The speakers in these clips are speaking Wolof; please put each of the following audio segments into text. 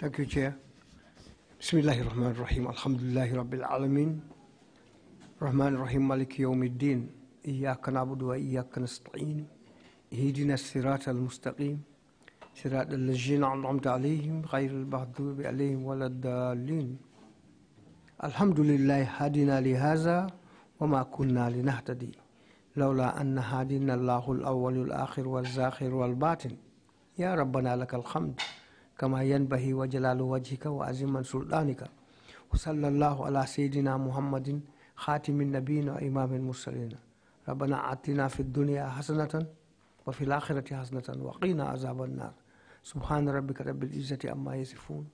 Thank you, Chair. بسم الله الرحمن الرحيم الحمد لله رب العالمين الرحمن الرحيم مالك يوم الدين إياك نعبد وإياك نستعين. اهدنا الصراط المستقيم. صراط الذين أنعمت عليهم غير المغضوب عليهم ولا الضالين. الحمد لله هدينا لهذا وما كنا لنهتدي لولا أن هدينا الله الأول والآخر والزاخر والباطن. يا ربنا لك الحمد. كما ينبهي وجلال وجهك وعزم سلطانك وصلى الله على سيدنا محمد خاتم النبيين وإمام المرسلين ربنا آتنا في الدنيا حسنة وفي الآخرة حسنة وقينا عذاب النار سبحان ربك رب العزة أما يصفون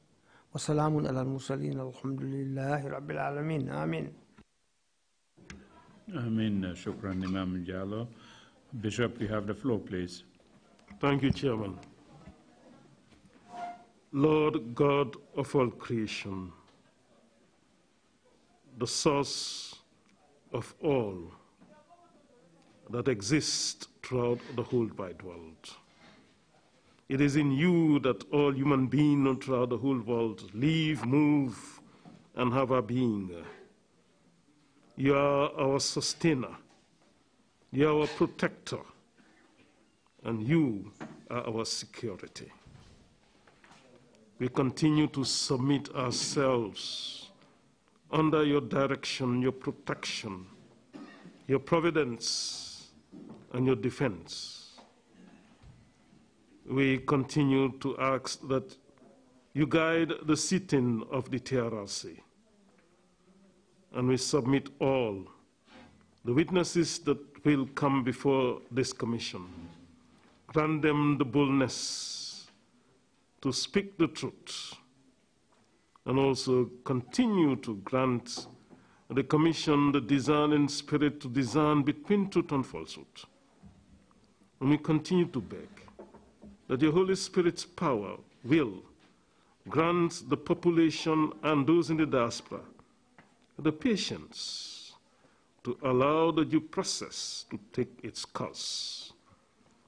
وسلام على المرسلين الحمد لله رب العالمين آمين آمين شكرا إمام جالو Bishop, you have the floor, please. Thank you, Chairman. Lord God of all creation, the source of all that exists throughout the whole wide world. It is in you that all human beings throughout the whole world live, move, and have a being. You are our sustainer. You are our protector. And you are our security. We continue to submit ourselves under your direction, your protection, your providence, and your defense. We continue to ask that you guide the sitting of the TRRC. And we submit all the witnesses that will come before this commission. Grant them the boldness to speak the truth and also continue to grant the Commission the discerning spirit to discern between truth and falsehood. And we continue to beg that the Holy Spirit's power will grant the population and those in the diaspora the patience to allow the due process to take its course.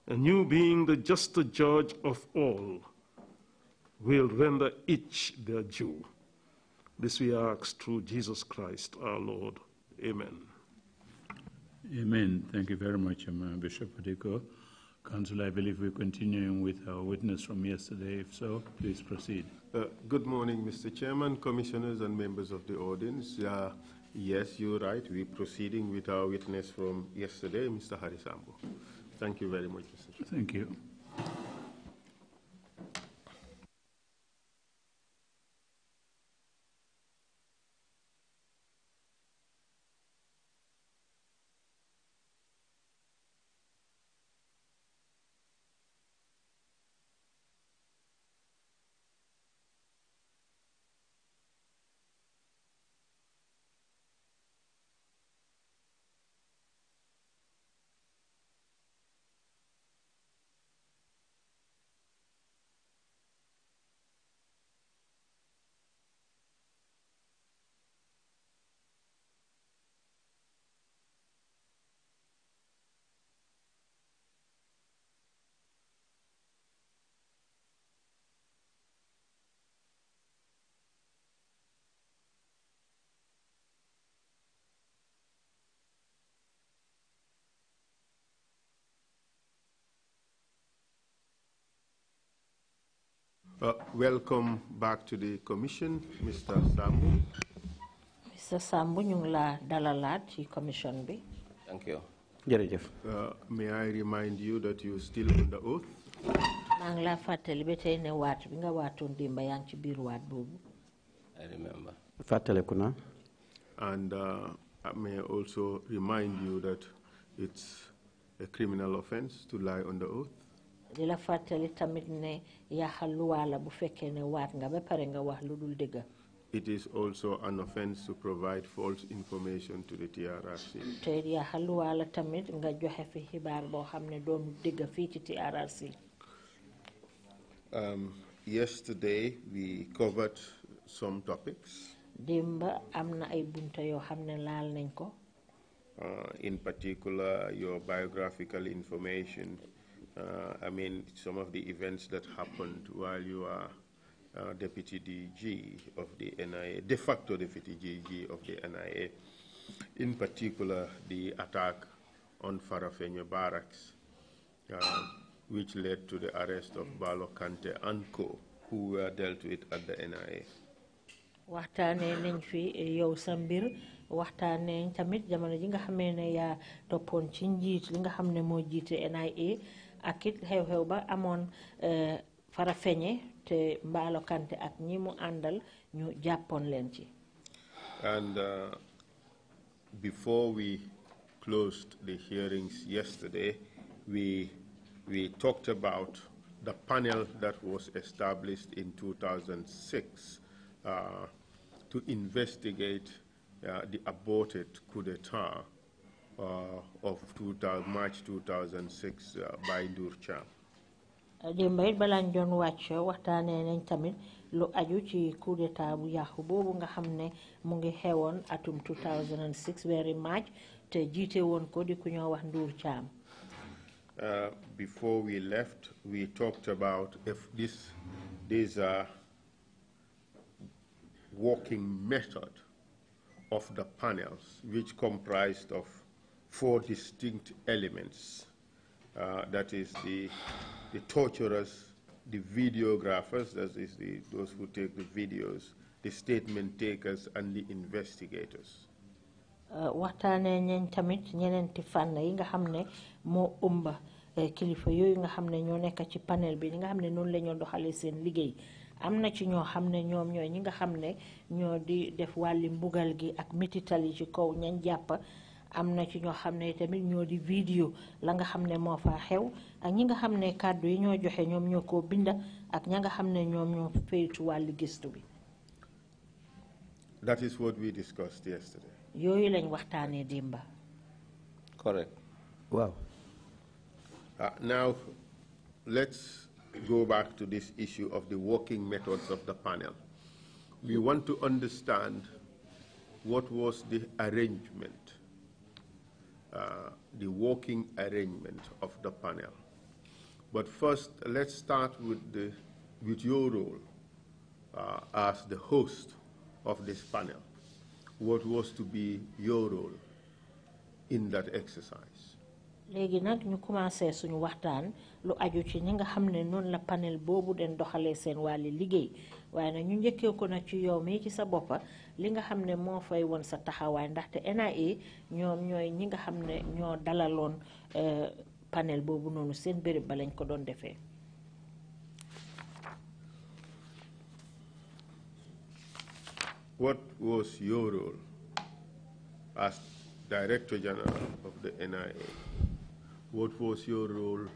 And you being the just judge of all, will render each their due. This we ask through Jesus Christ our Lord. Amen. Amen. Thank you very much, um, Bishop Padiko. Council, I believe we're continuing with our witness from yesterday. If so, please proceed. Uh, good morning, Mr. Chairman, commissioners, and members of the audience. Uh, yes, you're right. We're proceeding with our witness from yesterday, Mr. Harisambo. Thank you very much, Mr. Chairman. Thank you. Uh, welcome back to the commission, Mr. Sambu. Mr. Sambu, you're la dalalaat ci commission Thank you. Uh, may I remind you that you are still under oath? Maa la ne wat, binga nga waatoon démb yaa ngi ci I remember. Fatel naa. And uh, I may also remind you that it's a criminal offense to lie under oath fàttali tamit ne bu fekkee ne waat nga ba pare nga wax lu dul It is also an offense to provide false information to the TRRC. Um, yesterday we covered some topics. Uh, in particular, your biographical information uh, I mean, some of the events that happened while you are uh, deputy DG of the NIA, de facto deputy DG of the NIA, in particular the attack on Farafenyo barracks, uh, which led to the arrest of Balo Kante and co, who were dealt with at the NIA. waxtaanee nañ fi yow sa mbir waxtaanee tamit jamono ji nga xamee ne yaa toppoon ci njiit li nga xam ne moo jiite NIA akit xew-xew ba eh, Farafeñe te Mballo Kanté ak ñi mu àndal ñu jàppoon leen ci. And uh, before we closed the hearings yesterday, we we talked about the panel that was established in 2006 uh, to investigate uh, the aborted coup d'état uh, of 2000, March 2006 uh, Baye Ndour Thiam. démb it balaa ñu doon wàcc waxtaanee nañ tamit lu aju ci coup d'état bu yàqu boobu nga xam mu ngi xewoon atum 2006 very March te jiite woon ko di ku ñoo wax Ndour Thiam. Uh, before we left we talked about if this there's a working method of the panels which comprised of four distinct elements. Uh, that is the, the torturers, the videographers, that is the, those who take the videos, the statement takers, and the investigators. Uh, waxtaanee ñeen tamit ñeneenti fànn yi nga xam ne moo ëmba uh, kilifa yooyu nga xam ne ñoo ci panel bi li nga xam ne noonu la ñoo doxalee seen liggéey am na ci ñoo xam ne ñoom ñooy ñi nga xam ne di def wàlli mbugal gi ak mitital ci kaw ñañ jàpp ci tamit di vidéo la nga fa xew ak ñi nga yi joxe binda ak nga gëstu bi. That is what we discussed yesterday. lañ correct waaw. Ah, now let's go back to this issue of the working methods of the panel. We want to understand what was the arrangement uh, the working arrangement of the panel. But first, let's start with, the, with your role uh, as the host of this panel. What was to be your role in that exercise? Legi nag ñu commencé suñu waxtaan lu aju ci ni nga xam ne noonu la panel boobu den doxalee seen wàlli liggéey waaye nag ñu njëkkee ko ci yow mii ci sa li nga xam ne moo fay woon sa taxawaay ndaxte NIA ñoom ñooy ñi nga xam ne ñoo dalaloon eh, panel boobu noonu seen béréb ba lañ ko doon defee. What was your role as Director General of the NIA? What was your role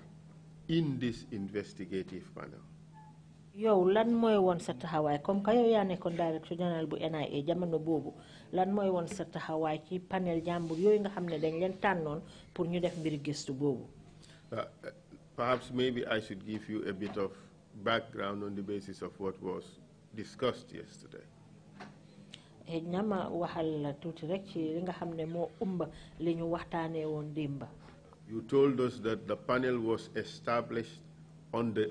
in this investigative panel? lan sa comme directeur général bu NIA jamono lan sa ci panel nga dañ leen pour ñu def gëstu uh, uh, perhaps maybe I should give you a bit of background on the basis of what was discussed yesterday. Eh, waxal la rek ci li nga li ñu You told us that the panel was established on the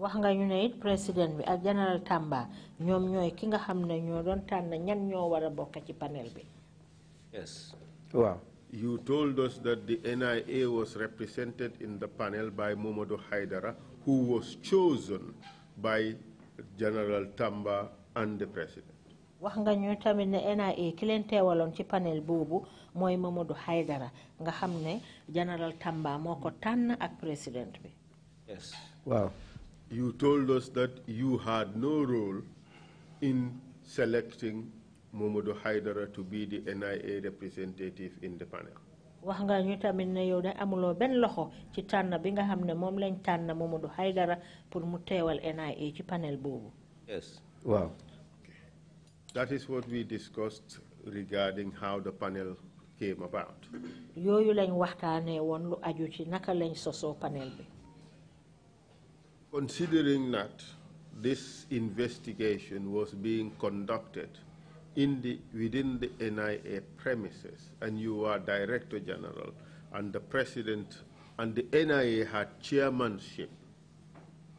ñu ne it président bi ak général Tamba ñoom ñooy ki nga xam ne ñoo doon tànn ñan ñoo war a bokk ci panel bi. yes waaw. you told us that the NIA was represented in the panel by Momodo Haidara, who was chosen by General Tamba and the President. wax nga ñu tamit ne NIA ki leen teewaloon ci panel boobu mooy nga xam ne General Tamba moo ko tànn ak président bi. yes waaw you told us that you had no role in selecting Momodo Haidara to be the NIA representative in the panel. Wahanga nyuta ñu tamit ne yow de amuloo benn loxo ci tànn Momodo Haidara pour mu NIA ci panel boobu. yes Wow. that is what we discussed regarding how the panel came about. yooyu lañ waxtaanee woon lu aju ci naka lañ sosoo panel bi. Considering that this investigation was being conducted in the, within the NIA premises, and you are Director General, and the President, and the NIA had chairmanship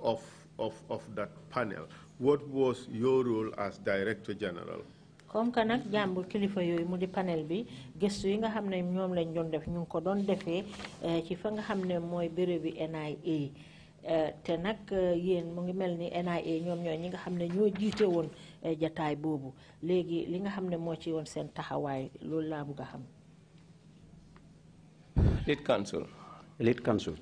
of, of, of that panel, what was your role as Director General? comme que nag jàmbur kilifa yooyu mu di panel bi gëstu yi nga xam ne lañ doon def ñu ko doon defee eh, ci fa nga xam ne mooy bi NIA te nag eh, yéen mu ngi NIA ñi nga eh, li nga ci xam. Lead Lead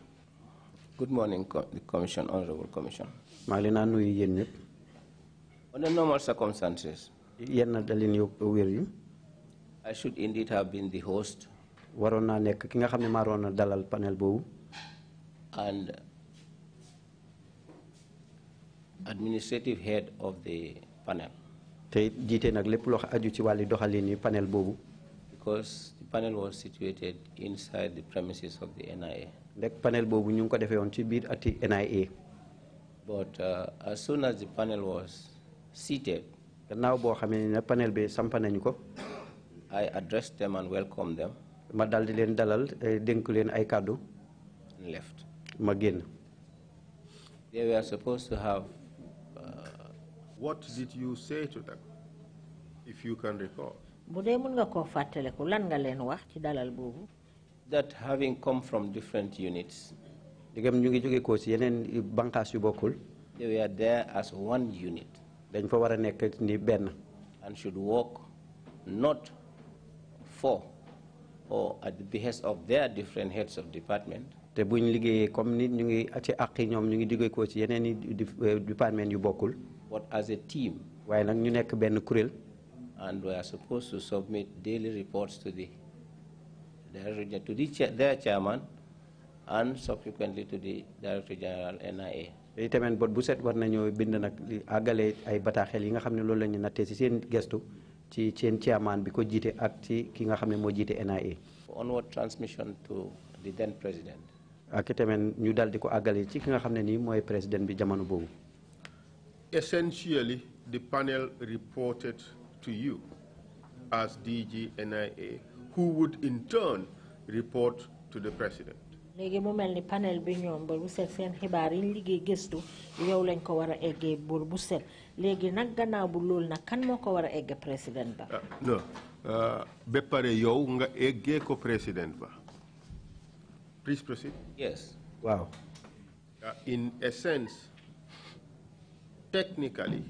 Good morning, co the Commission, Honorable Commission. maa ngi nuyu yéen Under normal circumstances. yéen da leen wér yi. I should indeed have been the host. waroon naa ki nga xam dalal panel and administrative head of the panel. panel because the panel was situated inside the premises of the NIA. panel NIA. but uh, as soon as the panel was seated. panel I addressed them and welcomed them. Eh, and left. They were supposed to have what did you say to them, if you can recall? That having come from different units, they were there as one unit and should work not for or at the behest of their different heads of department. te but as a team. and we are supposed to submit daily reports to the director to the their chairman and subsequently to the director general NIA. li tamit bot bu set war nañoo bind nag li àggale ay bataaxel yi nga xam ne loolu la ñu nattee seen gestu ci seen chairman bi ko jiite ak ci ki nga xam ne moo jiite NIA. onward transmission to the then president. ak tamit ñu dal di ko àggale ci ki nga xam ne nii mooy bi jamono boobu. essentially the panel reported to you as DG NIA, who would in turn report to the president. léegi mu mel ni panel bi ñoom ba bu set seen xibaar yi liggéey gëstu yow lañ ko war a eggee buur bu set léegi nag gannaaw bu loolu nag kan moo ko war a egg président ba. Ah, non ah, ba pare yow nga eggee ko président ba. please proceed. yes. waaw. Ah, in essence technically,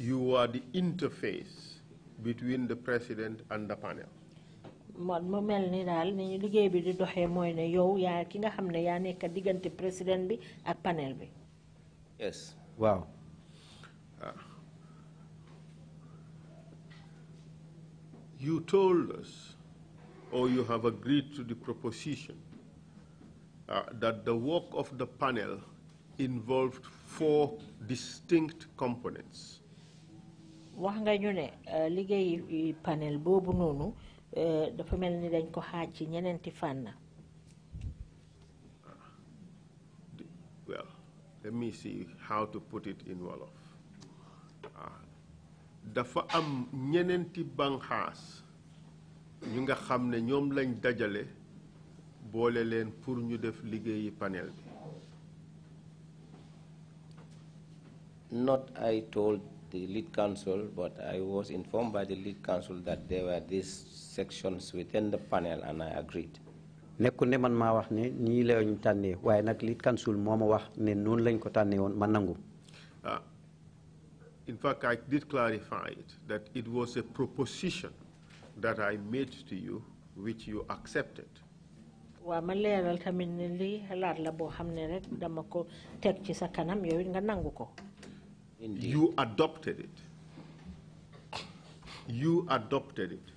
you are the interface between the president and the panel. man mu mel ni daal ni ñu liggéey bi di doxee mooy ne yow yaa ki nga xam ne yaa nekk président bi ak panel bi. yes Wow. Ah. you told us or you have agreed to the proposition ah, that the work of the panel involved four distinct components. Eh, panel eh, well let me see how to put it in wolof ah, dafa am ñeneenti banxaas ñu nga xam ne ñoom lañ dajale boole leen pour ñu def liggéeyi panel bi. Not I told the lead council, but I was informed by the lead council that there were these sections within the panel, and I agreed. man wax la ñu lead council wax ne lañ ko uh, in fact, I did clarify it that it was a proposition that I made to you, which you accepted. ma tamit la rek dama ko ci sa kanam nga Indeed. You adopted it. You adopted it.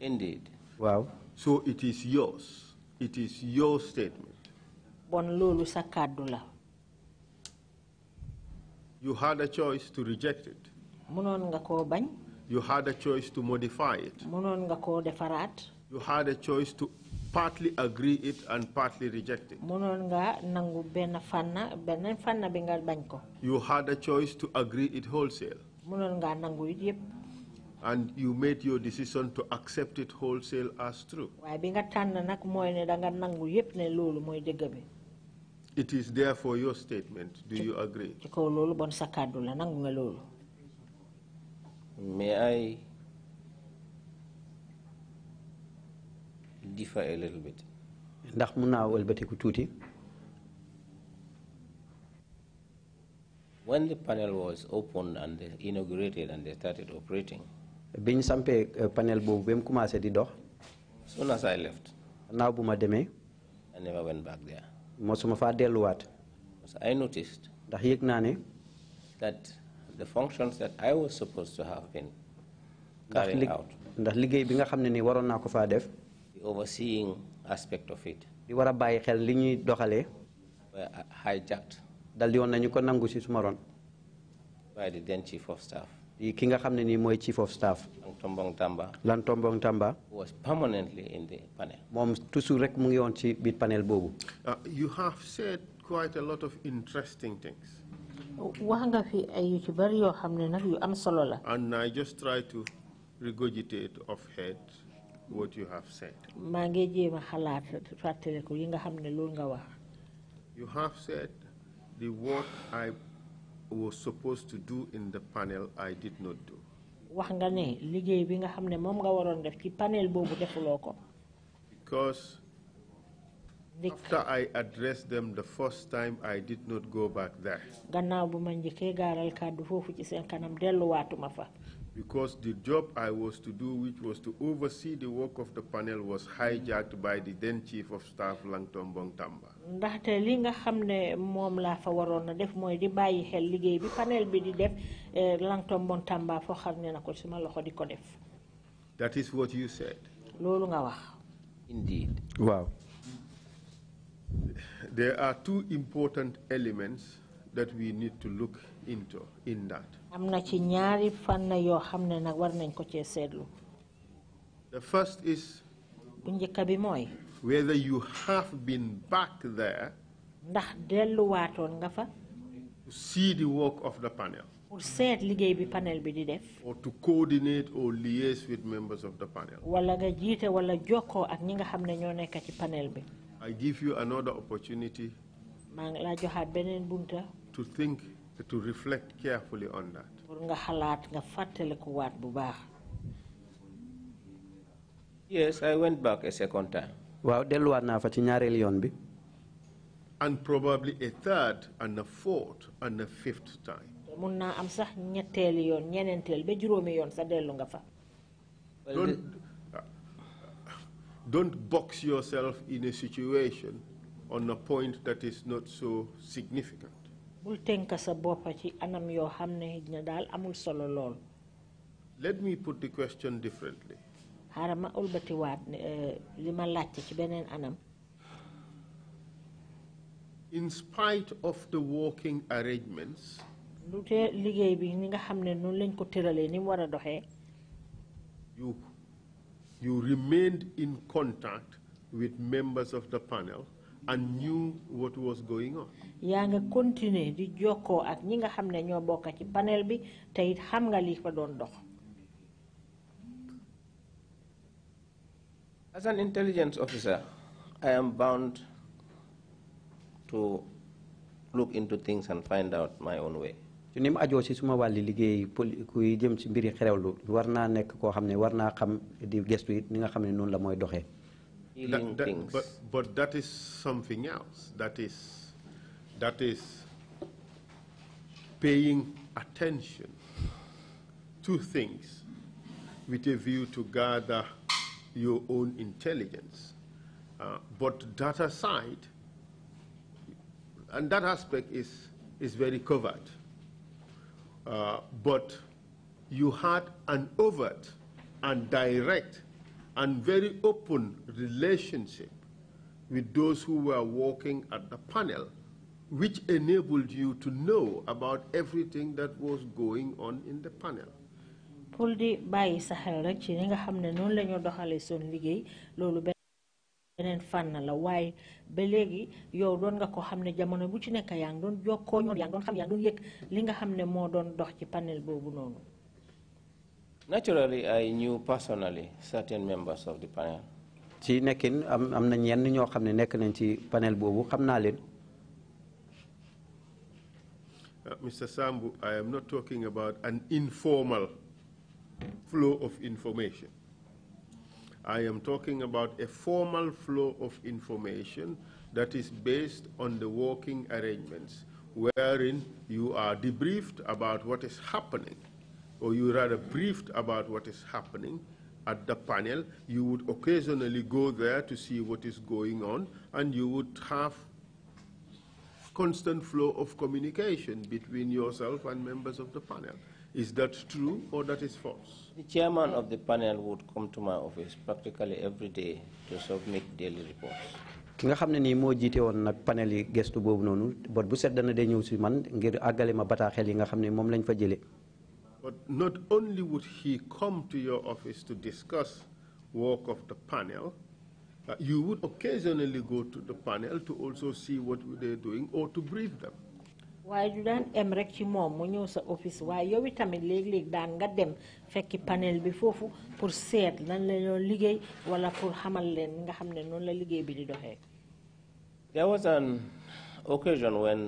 indeed. Wow. so it is yours. it is your statement. bon sa la. you had a choice to reject it. you had a choice to modify it. you had a choice to partly agree it and partly reject it. You had a choice to agree it wholesale. And you made your decision to accept it wholesale as true. It is therefore your statement. Do you agree? May I differ a little bit. ndax mun naa wëlbatiku tuuti. When the panel was opened and inaugurated and they started operating. biñ sampee euh, panel boobu ba mu commencé di dox. soon as I left. naaw bu ma demee. I never went back there. mosuma faa delluwaat. I noticed. ndax yëg naa ne. that the functions that I was supposed to have been. carried out ndax liggéey bi nga xam ne waroon naa ko faa def overseeing aspect of it. di war a bàyyi xel li ñuy doxalee. hijacked. dal di woon nañu ko nangu si suma ron. by the then chief of staff. di ki nga xam ne nii chief of staff. Lantombong Tamba. Lantombong Tamba. was permanently in the panel. moom toujours rek mu ngi woon ci biir panel boobu. Uh, you have said quite a lot of interesting things. wax nga fi ay yu ci bari yoo xam ne nag yu am solo la. and I just try to regurgitate off head what you have said. You have said the work I was supposed to do in the panel I did not do. Because after I addressed them the first time I did not go back there because the job I was to do, which was to oversee the work of the panel, was hijacked by the then Chief of Staff, Langton Tamba. ndaxte li nga xam ne moom laa fa waroon a def mooy di bàyyi xel liggéey bi panel bi di def eh, ne na ko loxo di ko def. that is what you said. loolu nga wax. indeed. waaw. there are two important elements that we need to look into in that ci ñaari fànn yoo xam ne nag war nañ ko cee seetlu. the first is. bu bi mooy. whether you have been back there. ndax delluwaatoon nga fa. to see the work of the panel. pour seet liggéey bi panel bi di def. or to coordinate or liaise with members of the panel. wala nga jiite wala jokkoo ak ñi nga xam ne ñoo nekk ci panel bi. I give you another opportunity. maa laa joxaat beneen bunta. to think to reflect carefully on that. Yes, I went back a second time. And probably a third and a fourth and a fifth time. Don't, uh, don't box yourself in a situation on a point that is not so significant bul tënk sa ci anam amul solo let me put the question differently. Eh, ci anam. in spite of the working arrangements. bi ni nga lañ ko ni you you remained in contact with members of the panel and knew what was going on. yaa nga continuer di jokkoo ak ñi nga xam ne ñoo bokk ci panel bi te it xam nga li fa doon dox. As an intelligence officer, I am bound to look into things and find out my own way. ci ni mu ajoo si suma wàlli liggéey kuy jëm si mbiri xerewlu war naa nekk koo xam ne war naa xam di gestu it ni nga xam ne noonu la mooy doxee that, things. But, but that is something else. That is, that is paying attention to things with a view to gather your own intelligence. Uh, but that aside, and that aspect is, is very covered. Uh, but you had an overt and direct and very open relationship with those who were working at the panel, which enabled you to know about everything that was going on in the panel. pour di bàyyi sa xel rek ci ni nga xam ne noonu la ñoo doxalee seen liggéey loolu beneen fànn la waaye ba léegi yow doon nga ko xam ne jamono bu ci nekk yaa ngi doon jokkoo ñoom yaa xam yaa ngi doon li nga xam ne moo dox ci panel boobu noonu. Naturally, I knew personally certain members of the panel. ci nekkin am am na ñenn ñoo xam ne nekk nañ panel boobu xam naa uh, Mr. Sambu, I am not talking about an informal flow of information. I am talking about a formal flow of information that is based on the working arrangements, wherein you are debriefed about what is happening or you rather briefed about what is happening at the panel. You would occasionally go there to see what is going on, and you would have constant flow of communication between yourself and members of the panel. Is that true or that is false? The chairman of the panel would come to my office practically every day to submit daily reports. ki nga xam ne nii moo jiite woon nag panel yi but boobu dana day ñëw si man ngir àggale ma bataaxel yi nga xam but not only would he come to your office to discuss work of the panel, uh, you would occasionally go to the panel to also see what they're doing or to brief them. waaye do daan em rek ci moom mu ñëw sa office waaye yow itamit léeg-léeg daan nga dem fekki panel bi foofu pour seet lan la ñoo liggéey wala pour xamal leen nga xam ne noonu la liggéey bi di doxee. There was an occasion when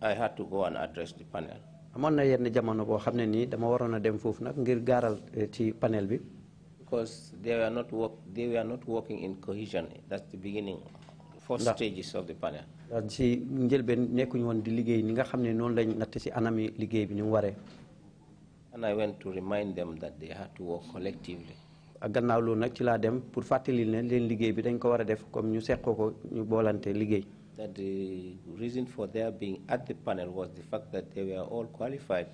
I had to go and address the panel. amoon na yenn jamono boo xam ne nii dama waroon a dem foofu nag ngir gaaral eh, ci panel bi. because they were not work they were not working in cohesion that's the beginning. four stages of the panel. ci njëlbeen nekkuñu woon di liggéey ni nga xam ne noonu lañu natt ci anami liggéey bi ni mu waree. and I to remind them that they had ak gannaaw loolu nag ci laa dem pour fàttali leen leen liggéey bi dañ ko war a def comme ñu seqoo ko ñu boolantee liggéey. that the reason for their being at the panel was the fact that they were all qualified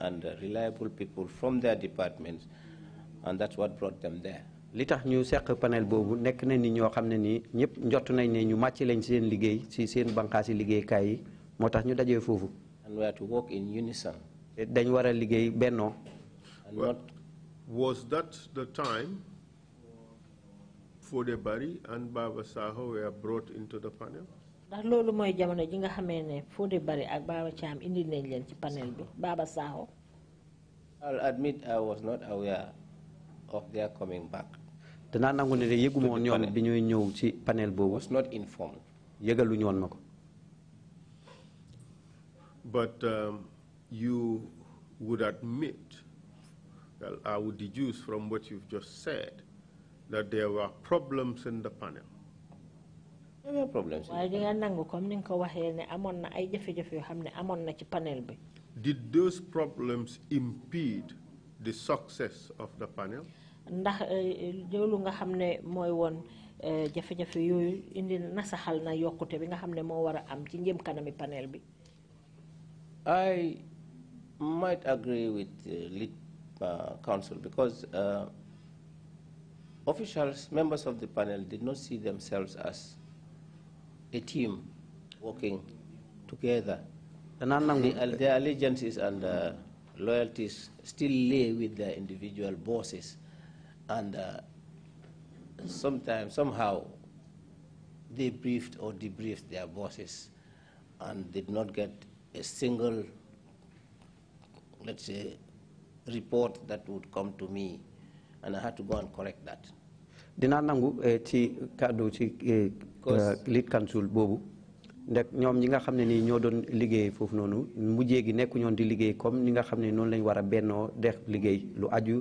and reliable people from their departments, and that's what brought them there. li tax ñu seq panel boobu nekk na ni ñoo xam ne nii ñëpp njott nañ ne ñu màcc lañ seen liggéey si seen bànqaasi liggéeykaay yi moo tax ñu dajee foofu. and we are to work in unison. dañ war a liggéey bennoo. was that the time for Fodebari and Baba Saho were brought into the panel? ndax loolu mooy jamono ji nga xamee ne ak Baba indi nañ leen ci panel bi Baba Saho. I'll admit I was not aware of their coming back. danaa nangu ne de woon ñoom bi ñuy ñëw ci panel boobu. was not informed. yëgalu ma ko. but um, you would admit well I would deduce from what you've just said that there were problems in the panel waaye di nga nangu comme ni nga ko waxee ne amoon na ay jafe-jafe yoo xam ne amoon na ci panel bi. did those problems impede the success of the panel. ndax eh, loolu nga xam ne mooy woon eh, jafe-jafe yooyu indi nasaxal na yokkute bi nga xam ne moo war a am ci njëm kanami panel bi. I might agree with the eh, lead uh, council because uh, officials, members of the panel did not see themselves as a team working together. The, their allegiances and uh, loyalties still lay with their individual bosses. And uh, sometimes, somehow, they briefed or debriefed their bosses and did not get a single, let's say, report that would come to me. And I had to go and correct that. dinaa nangu eh, ci kàddu ci eh, eh, lit kansul boobu ndek ñoom ñi nga xam ne nii ñoo doon liggéey foofu noonu mujjee gi nekku ñoon di liggéey comme ni nga xam ne noonu lañu war a bennoo def liggéey lu aju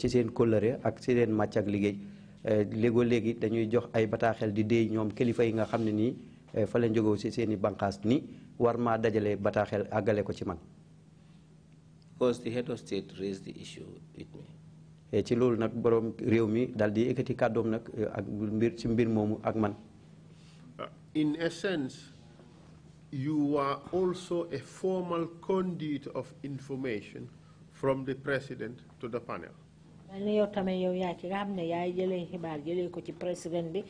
ci seen kóllëre ak ci seen màcc ak liggéey léegoo léegi dañuy jox ay bataaxel di déey ñoom kilifa yi nga xam ne nii fa lañ jógew si seen i banqaas ni war maa dajale bataaxel àggale ko ci man. Because Eh, ci borom mi eh, ak mbir ci mbir ak man. Uh, in essence you are also a formal conduit of information from the president to the panel. yow yow ci yaay xibaar ko ci président bi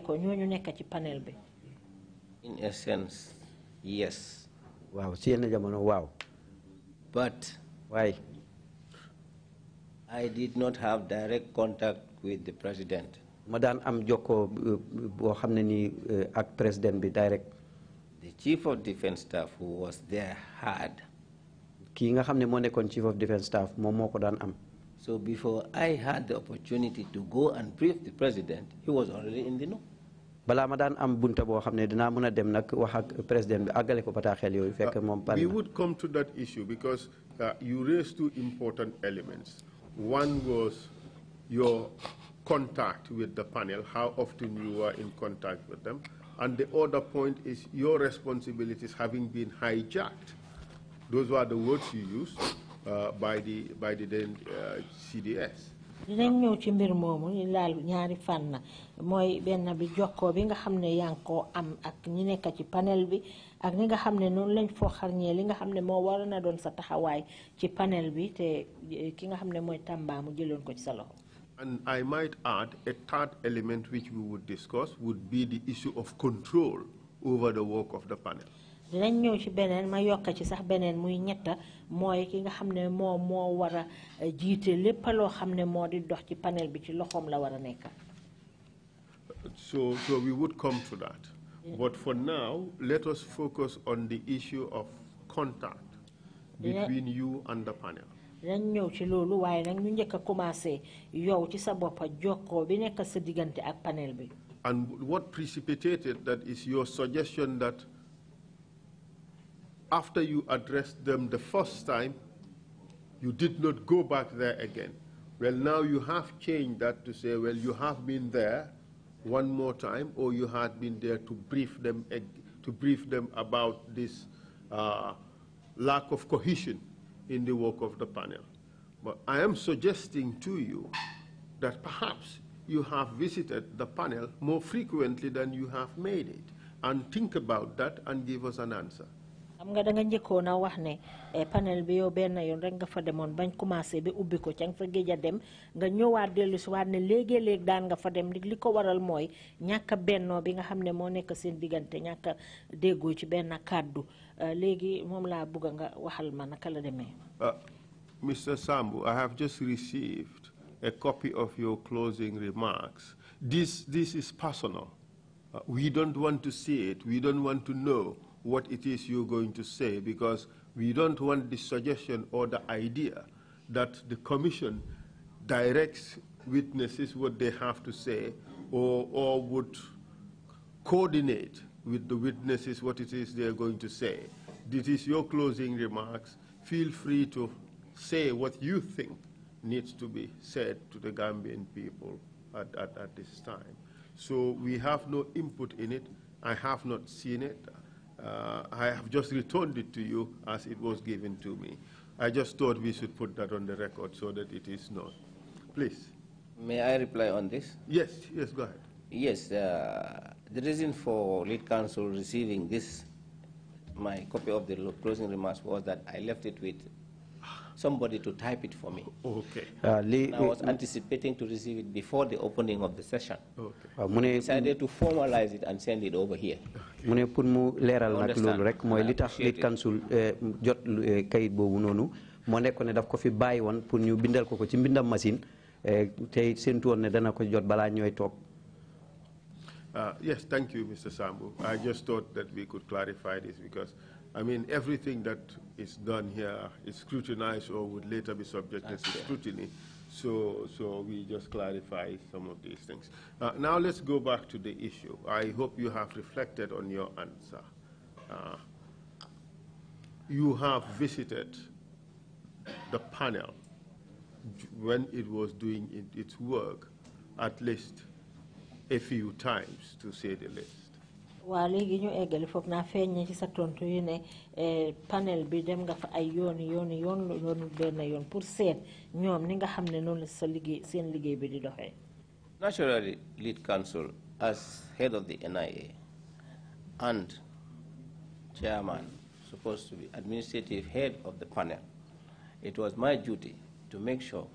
ko ñooñu nekk ci panel bi. in essence yes. wow si yenn jamono Wow. but. why? I did not have direct contact with the president. Madam. daan am jokkoo uh, uh, président bi direct. the chief of defence staff who was there had. kii nga xam ne chief of defence staff moom moo am. so before I had the opportunity to go and brief the president he was already in the know. Bala ma daan am bunta boo xam ne dinaa mën a dem nag wax ak président bi àggale ko bataaxel yooyu fekk moom. Uh, pare we would come to that issue because you raised two important elements. One was your contact with the panel, how often you were in contact with them. And the other point is your responsibilities having been hijacked. Those were the words you used uh, by the by the then uh, CDS. dinañ ñëw ci mbir moomu ñu laal ñaari fànn mooy benn bi jokkoo bi nga xam ne yaa ngi koo am ak ñi nekk ci panel bi ak nga lañ li nga sa ci panel bi te eh, ki nga Tamba mu ko ci sa loxo. And I might add a third element which we would discuss would be the issue of control over the work of the panel. dinañ ñëw ci beneen ma yokk ci sax beneen muy ñetta mooy ki nga xam ne moo moo war eh, lépp loo xam ne di dox ci panel bi ci loxoom la war a nekk. So so we would come to that. But for now, let us focus on the issue of contact between you and the panel. ak panel bi. And what precipitated that is your suggestion that after you addressed them the first time, you did not go back there again. Well, now you have changed that to say, well, you have been there, one more time, or you had been there to brief them, to brief them about this uh, lack of cohesion in the work of the panel. But I am suggesting to you that perhaps you have visited the panel more frequently than you have made it, and think about that and give us an answer xam nga da nga wax ne panel bi yow benn yoon rek nga fa demoon bañ commencé bi ubbi ko ca nga fa a dem nga ñëwaat dellu si waat ne léegi-léeg daan nga fa dem li ko waral mooy ñàkk bennoo bi nga xam ne moo nekk seen diggante ñàkk déggoo ci benn kàddu léegi moom laa nga waxal ma naka la demee. Uh, Mr. Sambu, I have just received a copy of your closing remarks. This, this is personal. Uh, we don't want to see it. We don't want to know what it is you're going to say because we don't want the suggestion or the idea that the commission directs witnesses what they have to say or, or would coordinate with the witnesses what it is they're going to say. This is your closing remarks. Feel free to say what you think needs to be said to the Gambian people at, at, at this time. So we have no input in it. I have not seen it. Uh, I have just returned it to you as it was given to me. I just thought we should put that on the record so that it is known. Please. May I reply on this? Yes, yes, go ahead. Yes, uh, the reason for lead counsel receiving this, my copy of the closing remarks was that I left it with somebody to type it for me. Okay. Uh, I was anticipating to receive it before the opening of the session. Okay. Uh, I decided to formalize it and send it over here. mu ne pour mu leeral nag loolu rek mooy li tax lead council eh, jot eh, kayit boobu noonu moo nekkoon ne daf ko fi bàyyi woon pour ñu bindal ko ko ci mbindam machine eh, tey séntu woon ne dana ko jot balaa ñooy toog. Uh, yes, thank you, Mr. Sambu. I just thought that we could clarify this because I mean, everything that is done here is scrutinized or would later be subjected to scrutiny. So, so we just clarify some of these things. Uh, now let's go back to the issue. I hope you have reflected on your answer. Uh, you have visited the panel when it was doing it, its work at least a few times, to say the least waa léegi ñu eggali foofu naa feeñee ci sa tontu yi ne panel bi dem nga fa ay yooni yooni yoon yoonu benn yoon pour seet ñoom ni nga xam ne la sa liggéey seen liggéey bi di doxee. Naturally, lead counsel as head of the NIA and chairman, supposed to be administrative head of the panel, it was my duty to make sure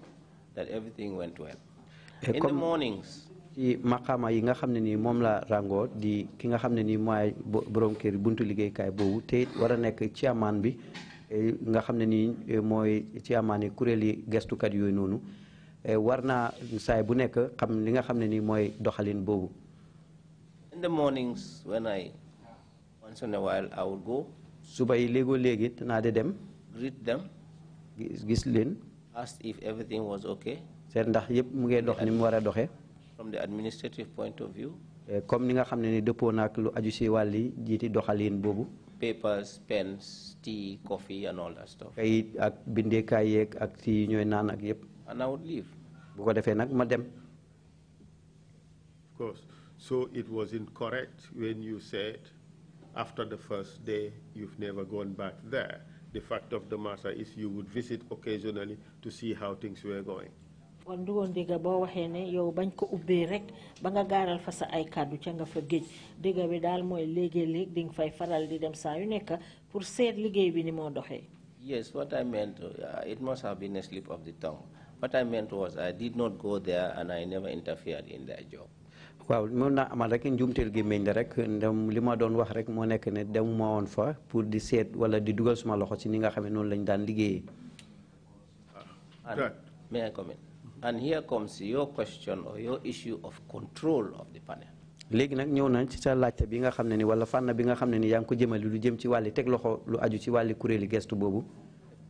that everything went well. In the mornings, ci maqaama yi nga xam ne nii moom la rango di ki nga xam ne nii mooy borom kër buntu liggéeykaay boobu te war a nekk chairman bi e, nga xam ne nii e, mooy chairman yi kuréel yi gestukat yooyu noonu e, war naa saay bu nekk xam li nga xam ne nii mooy doxalin boobu. in the mornings when I suba yi léegoo léegi naa de dem. greet them. gis leen. ask if everything was okay. seet ndax yëpp mu ngi dox ni mu war a doxe from the administrative point of view. Eh, comme ni nga xam ne ni dëppoo naag lu aju si wàlli jiiti doxalin boobu. papers pens tea coffee and all that stuff. kayit ak bindeekaay yeeg ak si ñooy naan ak yëpp. and I would leave. bu ko defee nag ma dem. of course so it was incorrect when you said after the first day you've never gone back there. The fact of the matter is you would visit occasionally to see how things were going. kon dugoon dégg boo waxee ne yow bañ ko ubbe rek ba nga garal fa sa ay kàddu ci nga fa gej diga bi dal moy legge leg di fay faral di dem sa yu nek pour set bi ni mo doxé Yes, what I meant, uh, it must have been a slip of the tongue. What I meant was I did not go there and I never interfered in their job. waaw muna na amal rek njumtel gi meñ rek ndem lima don doon wax rek mo nek ne dem mo won fa pour di set wala di dugal suma loxo ci ni nga xamé non lañ daan ah, May I comment? And here comes your question or your issue of control of the panel. léegi nag ñëw nañ ci sa laajte bi nga xam ni wala fan bi nga xam ni yaa ngi ko jëmale lu jëm ci wàlli teg loxo lu aju ci wàlli kuréeli gestu boobu.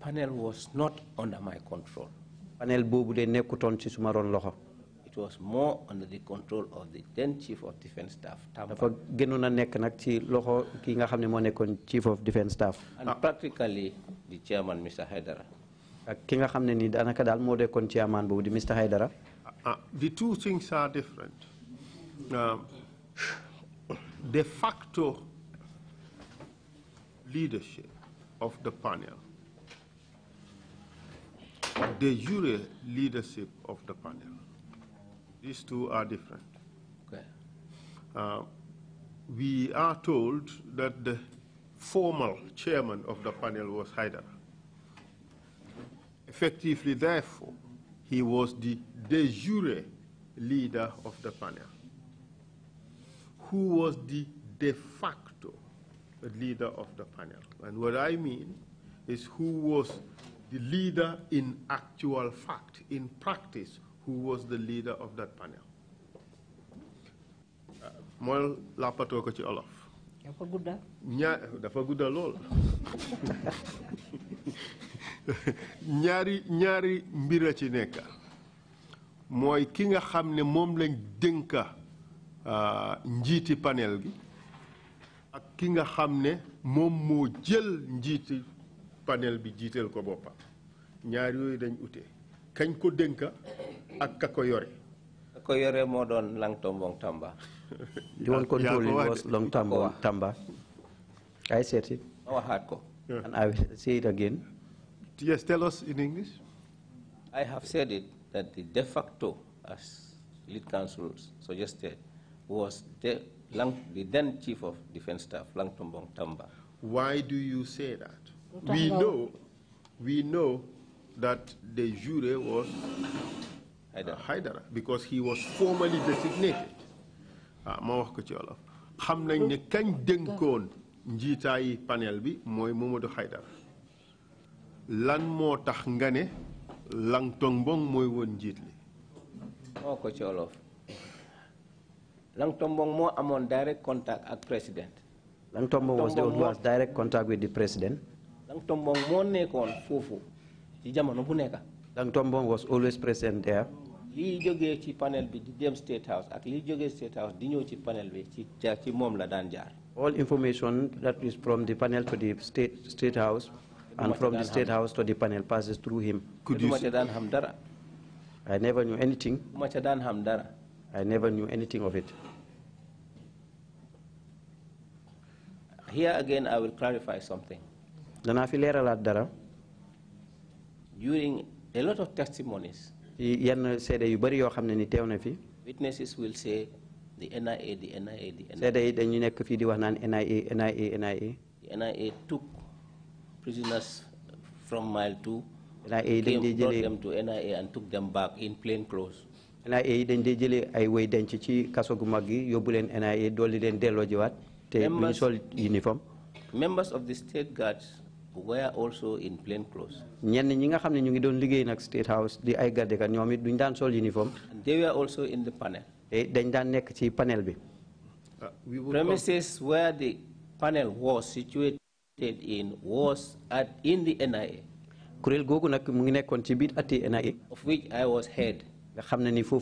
panel was not under my control. panel bobu de nekkutoon ci suma ron loxo. it was more under the control of the then chief of defence staff. Tamba dafa gënoon a nekk nag ci loxo ki nga xam ne moo chief of defence staff. and practically the chairman Mr Haidara. Ah, the two things are different. Um, de facto leadership of the panel. the jury leadership of the panel. These two are different. Okay. Uh, we are told that the formal chairman of the panel was Haidara. Effectively, therefore, he was the de jure leader of the panel, who was the de facto leader of the panel. And what I mean is who was the leader in actual fact, in practice, who was the leader of that panel. Uh, mooy làppatoo ko ci dafa gudda. ñaa dafa gudda ñaari ñaari mbir a ci nekk mooy ki nga xam ne moom lañ dénka euh, njiiti panel gi ak ki nga xam ne moom moo jël njiiti panel bi jiital ko boppam ñaar yooyu dañ ute kañ ko dénka ak ka ko yore ka ko yore moo doon Lang Tombong Tamba you want control it waxaat ko and I will Yes, tell us in English. I have said it that the de facto, as lead counsel suggested, was the, the then chief of defense staff, Langtombong Tamba. Why do you say that? We know, we know that the jury was Haidara, uh, Haidara because he was formally designated. Ah, ma wax ko ci wolof xam nañ ne kañ dénkoon njiitaayi Haidara lan moo tax nga ne lang tombong mooy woon njiit li moo ko ci olof lang tombong moo amoon direct contact ak président lang tombong was the one direct contact with the president lang tombong moo nekkoon foofu ci jamono bu nekka lang tombong was always present there lii jógee ci panel bi di dem State House ak lii jógee State House di ñëw ci panel bi ci ci moom la daan jaar all information that is from the panel to the state state house and from the State House to the panel passes through him. Could you say? I never knew anything. I never knew anything of it. Here again, I will clarify something. During a lot of testimonies, witnesses will say the NIA, the NIA, the NIA. The NIA took prisoners from Mile 2 came, brought them to NIA and took them back in plain clothes. NIA yi dañ dee jëlee ay way denc ci kaso gu mag yi yóbbu leen NIA dolli leen delloo jiwaat te ñu sol uniforme. members of the state guards were also in plain clothes. ñenn ñi nga xam ne ñu ngi doon liggéey nag state house di ay garde kat ñoom it duñ daan sol uniforme. they were also in the panel. te eh, dañ daan nekk ci panel bi. Uh, premises where the panel was situated in was at, in the NIA. kuréel googu nag NIA. of which I was head. nga ni ko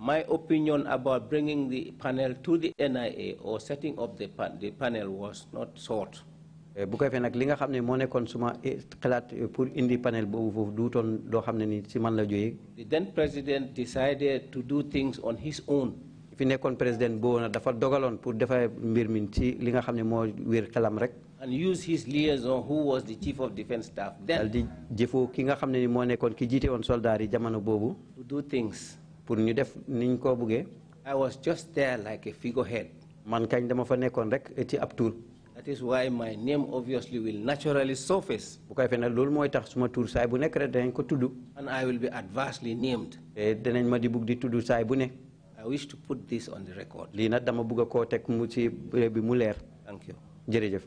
my opinion about bringing the panel to the NIA or setting up the, pan the panel was not sought. Eh, eh, indi panel ni the then president decided to do things on his own fi nekkoon président dafa dogaloon pour mbir ci li nga xam ne moo wér rek. and use his liaison who was the chief of defence staff then. daal jëfoo ki nga xam ne ni moo nekkoon ki jiite woon yi jamono boobu. to do things. pour ñu def niñ ko buggee. I was just there like a figurehead. man kañ dama fa nekkoon rek ci ab tur. that is why my name obviously will naturally surface. bu ko defee nag loolu mooy tax suma tur saay bu nekk rek danañ ko and I will be adversely named. te eh, danañ ma di bugg di tudd saay bu wish to put this on the record. thank you jërëjëf.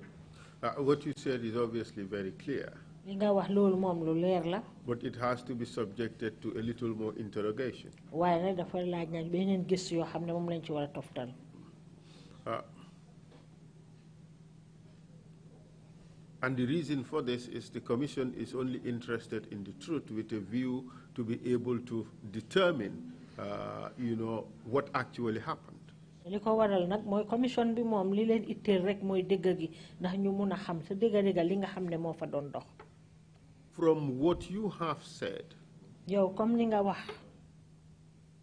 Uh, what you said is obviously very clear. but it has to be subjected to a little more interrogation. Uh, and the reason for this is the Commission is only interested in the truth with a view to be able to determine uh, you know, what actually happened. li ko waral nag mooy commission bi moom li leen itteel rek mooy dégg gi ndax ñu mun a xam sa li nga xam ne moo fa doon dox. From what you have said. yow comme nga wax.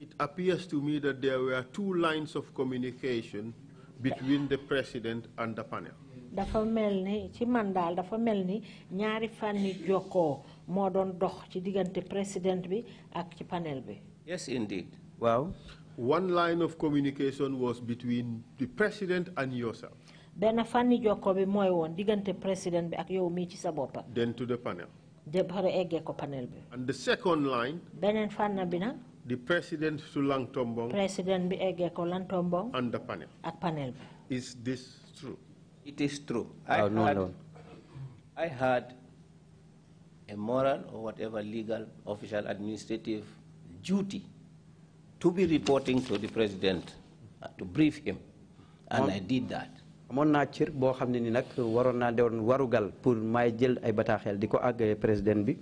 It appears to me that there were two lines of communication between the president and the panel. dafa mel ni ci man daal dafa mel ni ñaari fànni jokkoo moo doon dox ci diggante président bi ak ci panel bi. Yes, indeed. Well, One line of communication was between the president and yourself. benn fànni jokkoo bi mooy woon diggante président bi ak yow mii ci sa boppa then to the panel. jëbëru eggee ko panel bi. and the second line. beneen fànn bi nag. the president to tombong. président bi eggee ko tombong. and the panel. ak panel bi. is this true. it is true. I oh, no, had, no. I had a moral or whatever legal, official, administrative duty to be reporting to the president, uh, to brief him, and um, I did that. amoon naa cër boo xam ni nag waroon naa doon warugal pour may jël ay bataaxel diko ko président bi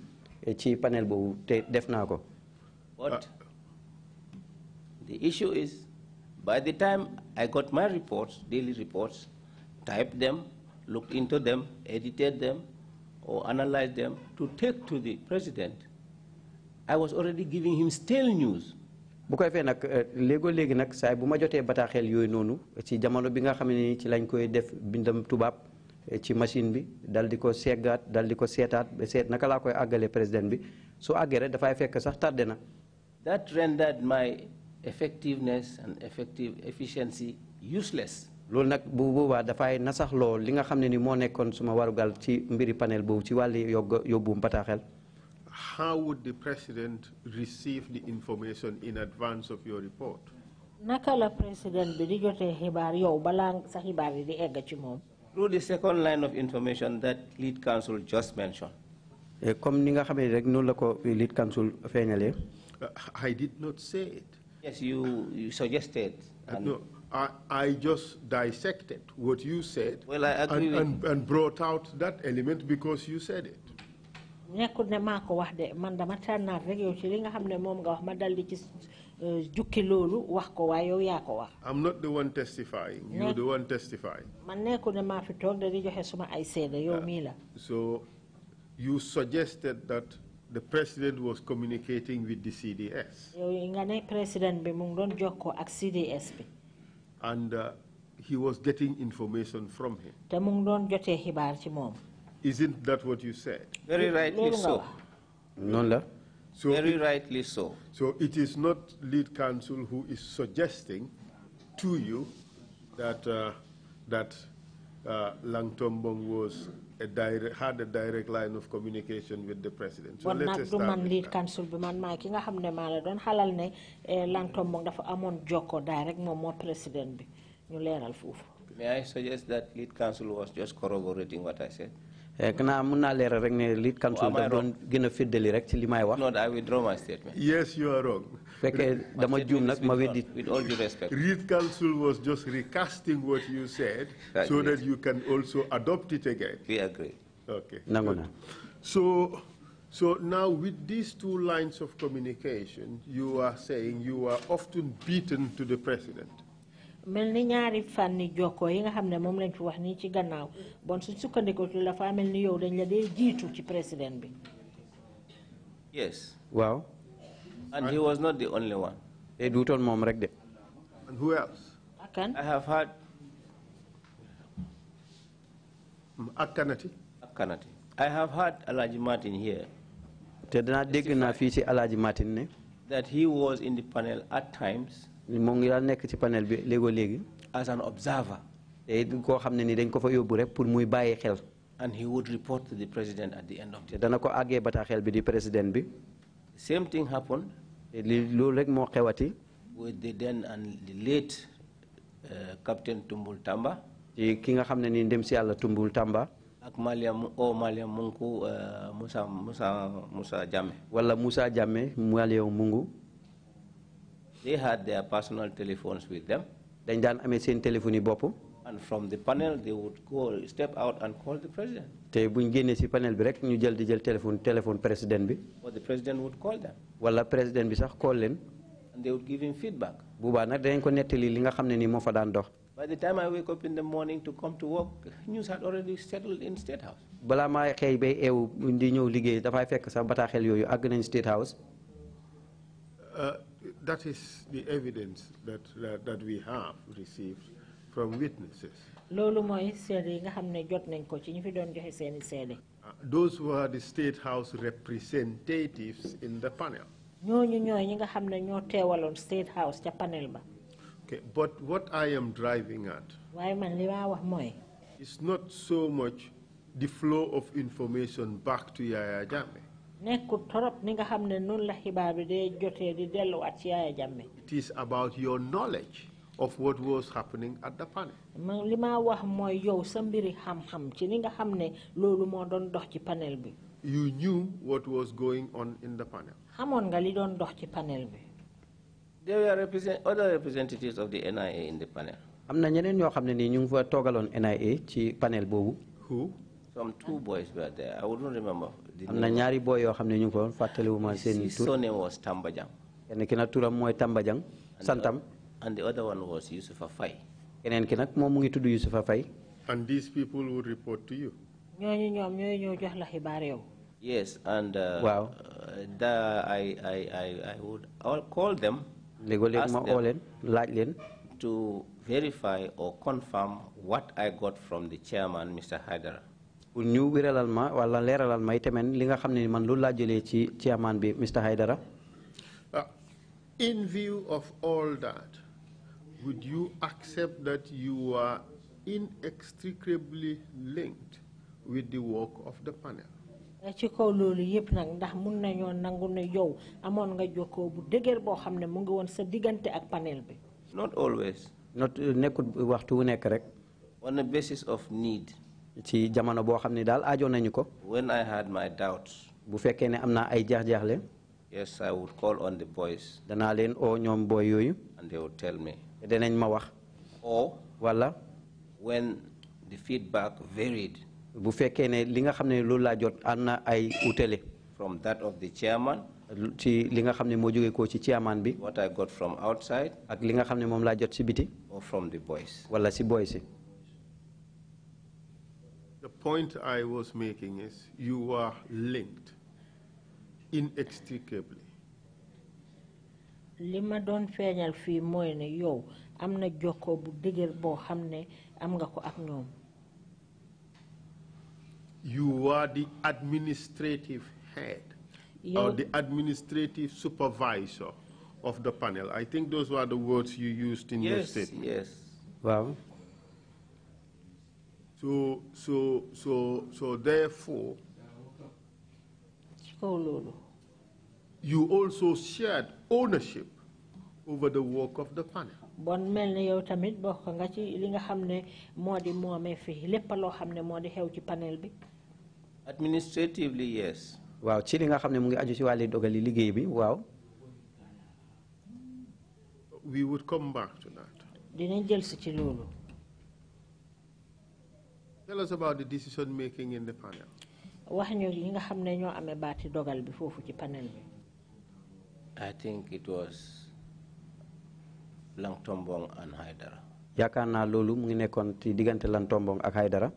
eh, ci panel bo te def naa ko. But the issue is by the time I got my reports, daily reports, typed them, looked into them, edited them, or analyzed them to take to the president. I was already giving him stale news. bu koy fee nag eh, léegoo léegi nag saay bu ma jotee bataaxel yooyu noonu ci jamono bi nga xam def bindam tubaab eh, ci machine bi dal di ko seggaat dal di ko seetaat président bi su àggee rek dafay fekk tardé na. that rendered my effectiveness and effective efficiency useless. loolu nag bu boobaa dafay nasaxloo li nga xam ne ni moo suma warugal ci mbiri panel boobu ci wàlli yóbbu yóbbuum bataaxel how would the president receive the information in advance of your report? Nakala président bi di jotee balang sa xibaar di ega ci through the second line of information that lead counsel just mentioned. comme eh, ni nga xam ne rek noonu la ko lead counsel feeñalee. Uh, I did not say it. Yes, you, you suggested. Uh, no, I, I just dissected what you said. Well, I agree and, and, and brought out that element because you said it maa ko wax de man dama tànnaat rek yow ci li nga xam ne moom nga wax ma ci euh, jukki loolu wax ko waaye yow yaa ko wax. I'm not the one testifying. You the one testifying. man nekkul ne maa fi toog da di joxe suma ay seede yow mii la. so you suggested that. the president was communicating with the CDS. And uh, he was getting information from him. Isn't that what you said? Very rightly so. Nonla. So Very it, rightly so. So it is not lead counsel who is suggesting to you that uh, that uh, Lang Tombong was a direct, had a direct line of communication with the president. So let us start with lead counsel bi man maa ki nga xam ne maa la doon xalal ne eh, Lang Tombong dafa amoon Joko direct moom mo président bi ñu leeral foofu. May I suggest that lead counsel was just corroborating what I said xanaa eh, mun naa leeral rek ne lead council Don't gën a fiddali rek ci no I withdraw my statement. yes you are wrong. fekkee dama juum nag ma with all due respect. lead council was just recasting what you said. so that you can also adopt it again. we agree. okay so so now with these two lines of communication you are saying you are often beaten to the president mel ni ñaari fànni yi nga lañ fi wax ci gannaaw bon suñ ci la mel ni yow dañ la ci président bi. yes. Wow. and he was not the only one. te duutoon moom rek de. and who else. Akan. I have heard. Akanati. Akanati. I have heard Alaji Martin here. te danaa dégg naa fii ci Alaji Martin ne. that he was in the panel at times. moom ngi daan nekk ci panel bi léegoo léegi. as an observer. koo xam ne nii dañ ko fa yóbbu rek pour muy bàyyi xel. and he would report to the president at dana ko àggee bataaxel bi di président bi. same thing happened. loolu rek moo xewati. with the then and late uh, captain Tumbul tàmba ki nga xam ne nii ndem si yàlla Tumbul tàmba ak Maliam o oh, Maliam Mungu uh, Musa Musa Musa Jammeh. wala Musa jàmme Maliam Mungu. They had their personal telephones with them. dañ daan amee seen téléphone yi bopp. and from the panel they would go step out and call the president. te buñ génnee si panel bi rek ñu jël di jël téléphone téléphone président bi. or the president would call them. wala président bi sax call leen. and they would give him feedback. buubaa nag danañ ko nettali li nga xam ne nii fa daan dox. By the time I wake up in the morning to come to work, news had already settled in State House. balaa maa xëy bay eew di ñëw liggéey dafay fekk sax bataaxel yooyu àgg nañ State House. Euh, that is the evidence that, that, uh, that we have received from witnesses. Loolu uh, Those were the State House representatives in the panel. Okay, but what I am driving at. It's not so much the flow of information back to Yaya Jammeh nekkul torop ni nga xam ne noonu la day jotee di delluwaat ci yaaya jàmme it is about your knowledge of what was happening at the panel. li wax mooy yow sa mbiri xam-xam ci nga xam ne loolu moo doon dox ci panel bi. you knew what was going on in the panel. xamoon nga li doon dox ci panel bi. there were represent other representatives of the NIA in the panel. am na ñeneen ñoo xam ne nii ñu ngi fa toogaloon NIA ci panel boobu. who. Some two boys were there. I wouldn't remember. am na ñaari boy yoo xam ne ñu ngi ko fàttaliwuma seen tur. surname was Tambajang. kenn ki nag turam mooy Tambajang. santam. and the other one was Yusufa Faye. keneen ki nag moom mu ngi tudd Yusufa Faye. and these people would report to you. ñooñu ñoom ñooy ñoo jox la xibaar yow. yes and. Uh, waaw. da uh, I I I I would call them. léegoo léegi ma oo laaj leen. to verify or confirm what I got from the chairman Mr. Hydera wala man chairman bi Mr Haidara. Ah, in view of all that would you accept that you are inextricably linked with the work of the panel. Eh, ci kaw loolu yëpp nag ndax mun nañoo nangu ne yow amoon nga jokkoo bu dëgër boo xam ne mu ngi woon sa diggante ak panel bi. not always. not nekkul waxtu wu nekk rek. on the basis of need ci jamono boo xam ne daal nañu ko. when I had my doubts. bu fekkee ne amna naa ay jaax-jaaxle. yes I would call on the boys. danaa leen oo ñoom booy yooyu. and they would tell me. danañ ma wax. or. wala. when the feedback varied. bu fekkee ne li nga xam ne loolu laa jot am ay utale. from that of the chairman. ci li nga xam ne moo jógee ci chairman bi. what I got from outside. ak li nga xam ne moom laa jot si biti. or from the boys. wala si boys yi point I was making is you are linked inextricably. ne yow bu am nga ko ak you were the administrative head. or the administrative supervisor of the panel. I think those were the words you used in yes, your statement. Yes, yes. Well. So, so, so, so therefore, oh, you also shared ownership over the work of the panel. bon mel ne yow tamit bokk nga ci li nga xam ne moo di moomee fii lépp loo xam ne xew ci panel bi. administratively yes. Wow, ci li nga xam ne mu ngi aju ci wàllu dogali liggéey bi waaw. we would come back to that. dinañ jël si ci loolu. tell us about the decision making in the panel. wax ñu li nga xam ne ñoo amee baati dogal bi foofu ci panel bi. I think it was Langtombong and Haidara. yaakaar naa loolu mu ngi nekkoon ci diggante Langtombong ak Haidara.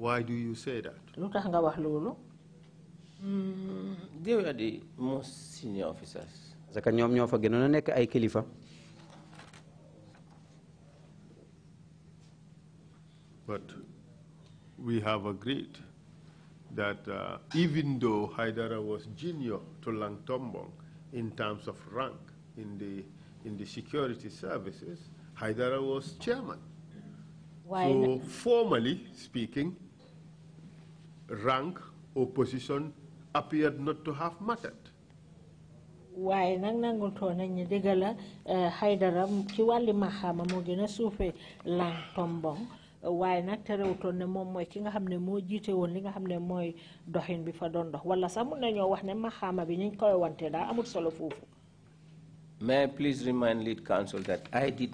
dara do you say lu tax nga wax loolu. Hmm, they were the senior officers. parce que ñoom ñoo fa gënoon a nekk ay kilifa. we have agreed that uh, even though Haidara was junior to Lang Tombong in terms of rank in the, in the security services, Haidara was chairman. Why so formally speaking, rank or position appeared not to have mattered. Why? Nang nang nañ ne dëgg Haidara ci wàlli maxaama moo Lang Tombong waaye nag terewutoon ne moom mooy ki nga xam ne moo jiite woon li nga xam ne mooy doxin bi fa doon dox wala sax mun ñoo wax ne maxaama bi ñu ngi koy wante daa amul solo foofu. May I please remind lead counsel that I did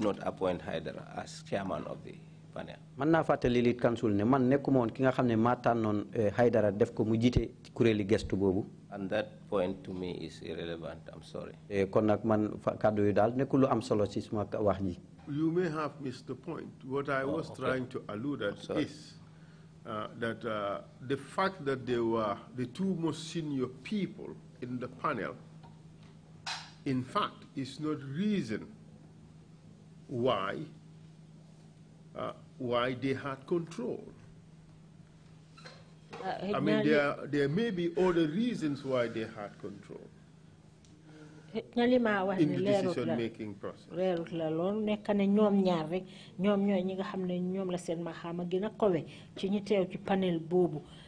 mën naa fàttali lead counsel ne man nekkuma woon ki nga xam ne maa tànnoon eh, Haidara def ko mu jiite kuréeli gestu boobu. and that point to me is irrelevant eh, kon nag man kàddu yi daal nekkul lu am solo ci suma wax ji. You may have missed the point. What I oh, was okay. trying to allude at is uh, that uh, the fact that they were the two most senior people in the panel, in fact, is not reason why uh, why they had control. Uh, I mean, there, there may be other reasons why they had control. ñalima wax ñi nga xam ne ñoom la seen a kowe ci ñi teew ci panel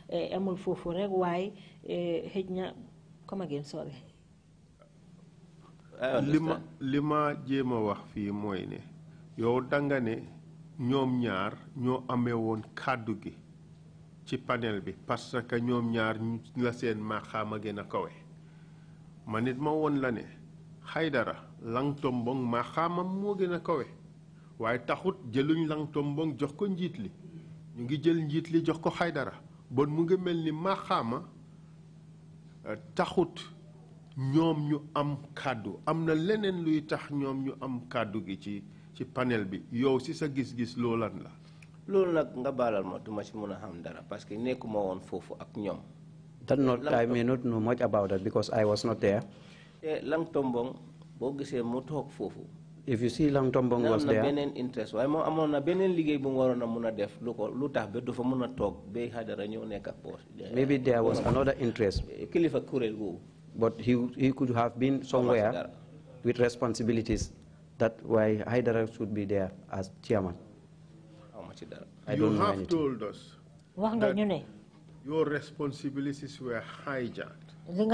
eh, foofu rek waaye eh, li ma li jéem a wax fii mooy ne yow danga ne ñoom ñaar ñoo amee woon kàddu gi ci panel bi parce que ñoom ñaar la seen maxaama gën a kowe ma nit ma woon la ne Xaydara Langtombong maa xaamam moo gën a kawe waaye taxut jëluñ Langtombong jox ko njiit li ñu ngi jël njiit li jox ko Xaydara bon mu ngi mel ni maa xaama euh, taxut ñoom ñu am kàddu am na leneen luy tax ñoom ñu am kàddu gi ci ci panel bi yow si sa gis-gis loolan la loolu nag nga baalal ma duma ci mën a xam dara parce que nekkuma woon foofu ak ñoom that not I may not know much about that because I was not there Lang if you see Lang Tombong was there. am interest ko maybe there was another interest. but he he could have been somewhere with responsibilities. That's why Hydra should be there as chairman. How much is that? I you don't have know told us that your responsibilities were hijacked and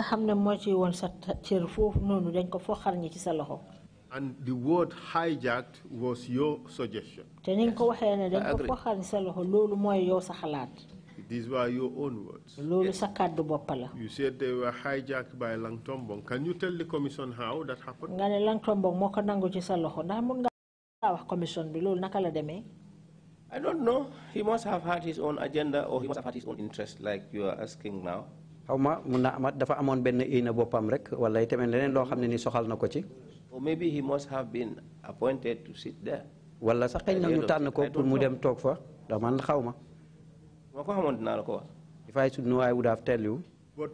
the word hijacked was your suggestion. These were your own words. Yes. You said they were hijacked by Langtombong. Can you tell the commission how that happened? I don't know. He must have had his own agenda or he must have had his own interest like you are asking now amat dafa ina rek wala ni soxal ci. or maybe he must have been appointed to sit there. wala sax xëy ñu tànn ko pour mu dem fa da man xaw ma. ma ko la ko if I should know I would have tell you. but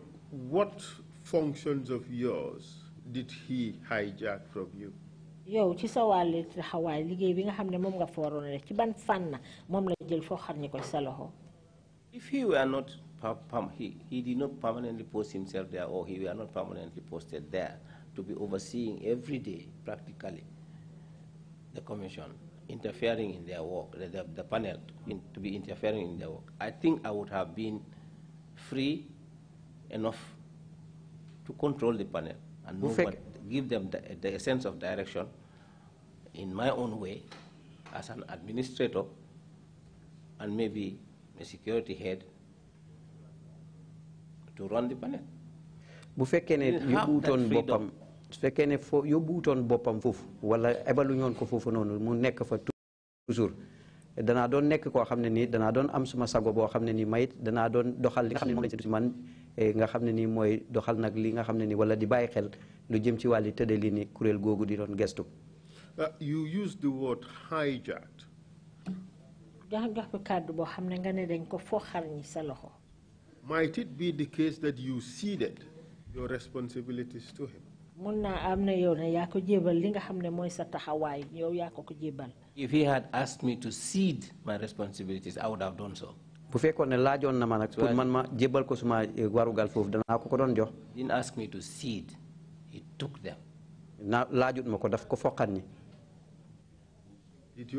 what functions of yours did he hijack from you. ci sa bi nga nga rek ci ban la jël ko if he were not he, he did not permanently post himself there or he were not permanently posted there to be overseeing every day practically the commission interfering in their work, the, the, the panel in, to be interfering in their work. I think I would have been free enough to control the panel and know what, give them the, the sense of direction in my own way as an administrator and maybe a security head to run the planet. bu fekkee ne yóbbuwutoon boppam su fekkee ne foo yóbbuwutoon boppam foofu wala ebaluñoon ko foofu noonu mu nekk fa toujours danaa doon nekk koo xam ne nii danaa doon am suma sago boo xam ne nii mayit danaa doon doxal li nga xam ne man e nga xam ne nii mooy doxal nag li nga xam ne nii wala di bàyyi xel lu jëm ci wàlli tëddee li ni kuréel googu di doon gestu. Uh, you use the word kàddu boo xam ne nga ne dañ ko foxal ñi sa loxo. Might it be the case that you ceded your responsibilities to him? If he had asked me to cede my responsibilities, I would have done so. bu fekkoon ne laajoon na ma nag pour man ma ko suma eh, warugal foofu danaa ko ko doon jox. didn't ask me to cede he took them. na laajut ma ko daf ko ni.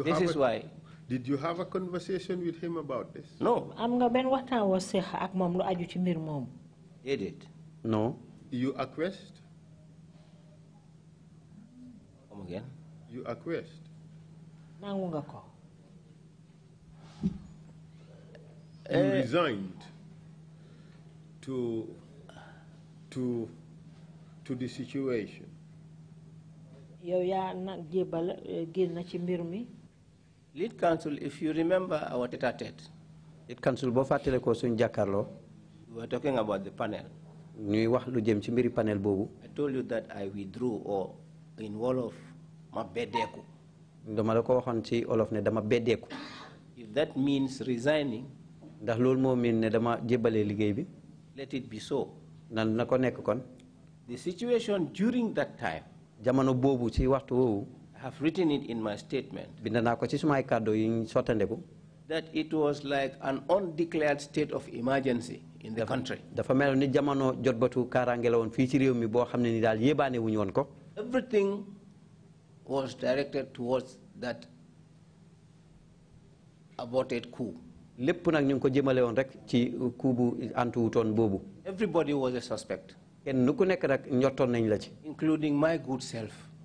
this is why did you have a conversation with him about this? No. Am nga ben waxtan wo sekh ak mom lu aju ci mbir mom? Edit. No. You acquiesced? Come again. You acquiesced? Nangu nga ko. You eh. resigned to to to the situation. Yow ya nak jébal eh, na ci mbir mi. Lead Council, if you remember our tete-a-tete. Lead Council, boo fàttale ko suñ jàkkaarloo. We were talking about the panel. ñuy wax lu jëm ci mbiri panel boobu. I told you that I withdrew or in Wolof ma beddeeku. dama la ko waxoon ci Wolof ne dama beddeeku. if that means resigning. ndax loolu moo miin ne dama jébbale liggéey bi. let it be so. nan na ko kon. the situation during that time. jamono boobu ci waxtu woowu have written it in my statement. that it was like an undeclared state of emergency in the country. everything was directed towards that aborted coup. lépp nag ñu ko jëmale rek ci everybody was a suspect. kenn ku nekk rek nañ la ci. including my good self.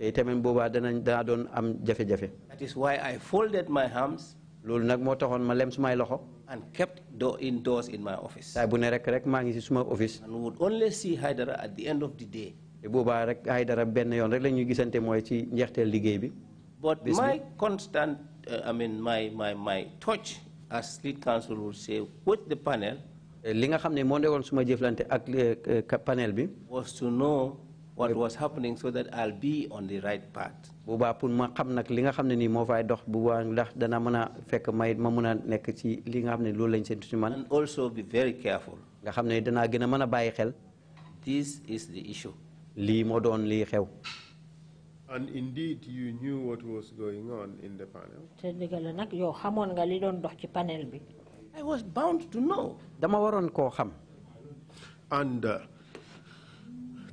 Eh, is why I folded my arms. and kept indoors in my office. and would only see Haidara at the end of the day. but my constant uh, I mean my my my touch as lead counsel would say with the panel. Eh, li eh, panel bi. was to know what was happening so that I'll be on the right path. bu baax pour ma xam nag li nga xam ne nii fay dox bu baax ndax dana mën a fekk may ma mën a ci li nga xam ne lañ seen ci man. and also be very careful. nga xam ne danaa gën bàyyi xel. this is the issue. Li moo doon lii xew. and indeed you knew what was going on in the panel. te dëgg la nag yow nga li doon dox ci panel bi. I was bound to know. dama waron ko xam. and uh,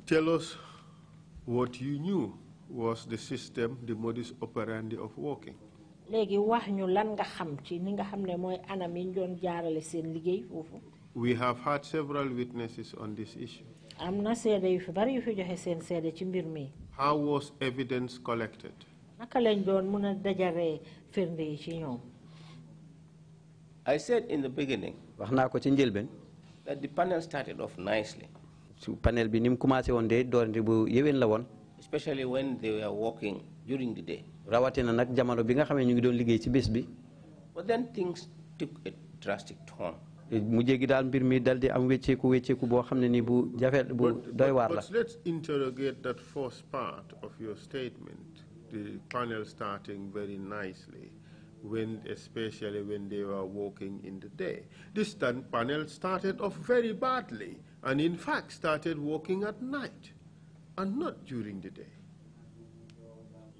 tell us what you knew was the system, the modus operandi of working. We have had several witnesses on this issue. How was evidence collected? I said in the beginning that the panel started off nicely panel bi ni mu commencé woon de doorante bu yéwén la woon. especially when they were walking during the day. rawatina nag jamono bi nga xam ñu ngi doon liggéey ci bés bi. but then things took a drastic turn. mu jéggi daal mbir mi dal di am wécceeku wécceeku boo xam ne ni bu jafe bu doy waar la. let's interrogate that first part of your statement. the panel starting very nicely. when especially when they were walking in the day. This panel started off very badly and in fact started working at night and not during the day.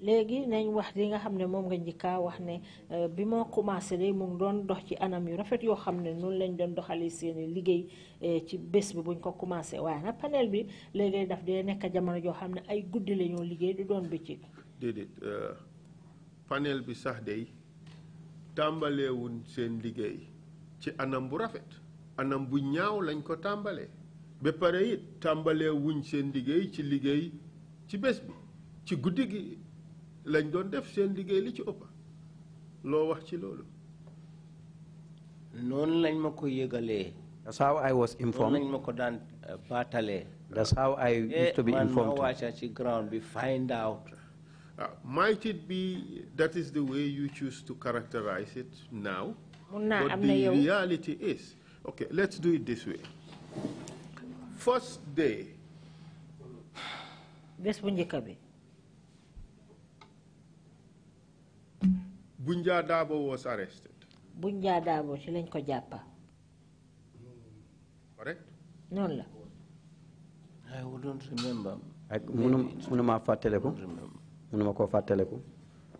léegi nañ wax nga xam ne moom nga wax ne euh, bi commencé mu ngi doon dox ci anam yu rafet yoo xam ne noonu lañ doon seeni liggéey euh, ci bés bi buñ ko commencé waaye nag panel bi léegi daf dee nekk jamono joo xam ne ay guddi la ñoo liggéey du doon déedéet euh, panel bi sax day seen liggéey ci anam bu rafet anam bu ñaaw lañ ko tàmbalee ba pare it tàmbalee wuñ seen liggéey ci liggéey ci bés bi ci guddi gi lañ doon def seen liggéey li ci ëpp loo wax ci loolu noonu lañ ma ko yëgalee That's how I was informed. Uh, That's how I used to be eh, informed. Find out. Uh, might it be that is the way you choose to characterize it now? But the reality is, okay, let's do it this way first day bés bu njëkk bi Bunja Dabo was arrested Bunja Dabo ci lañ ko jàppa correct noonu la I wouldn't remember ak mënuma fàttaleku mënuma koo fàttaleku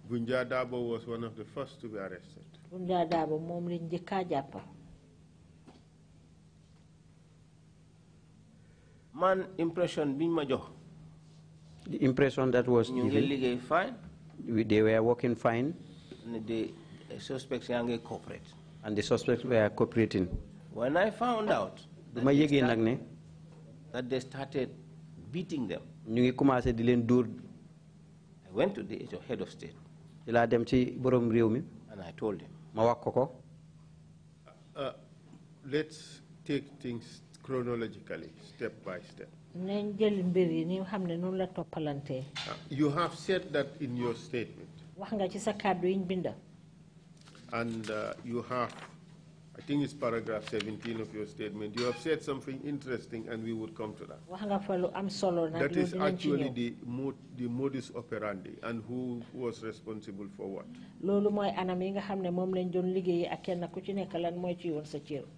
Bunja Dabo was one of the first to be arrested Bunja Dabo moom lañ njëkkaa jàppa man impression biñ ma jox the impression that was ñu ngi fine we, they were working fine and the eh, suspects yaa ngi cooperate and the suspects were cooperating when i found out ma yëgee nag ne that they started beating them ñu ngi commencé di leen dóor i went to the head of state ci laa dem ci borom réew mi and i told him ma wax ko ko uh, let's take things chronologically, step by step. Ah, you have said that in your statement. And uh, you have I think it's paragraph 17 of your statement. You have said something interesting, and we would come to that. That is actually the, mod, the modus operandi and who was responsible for what.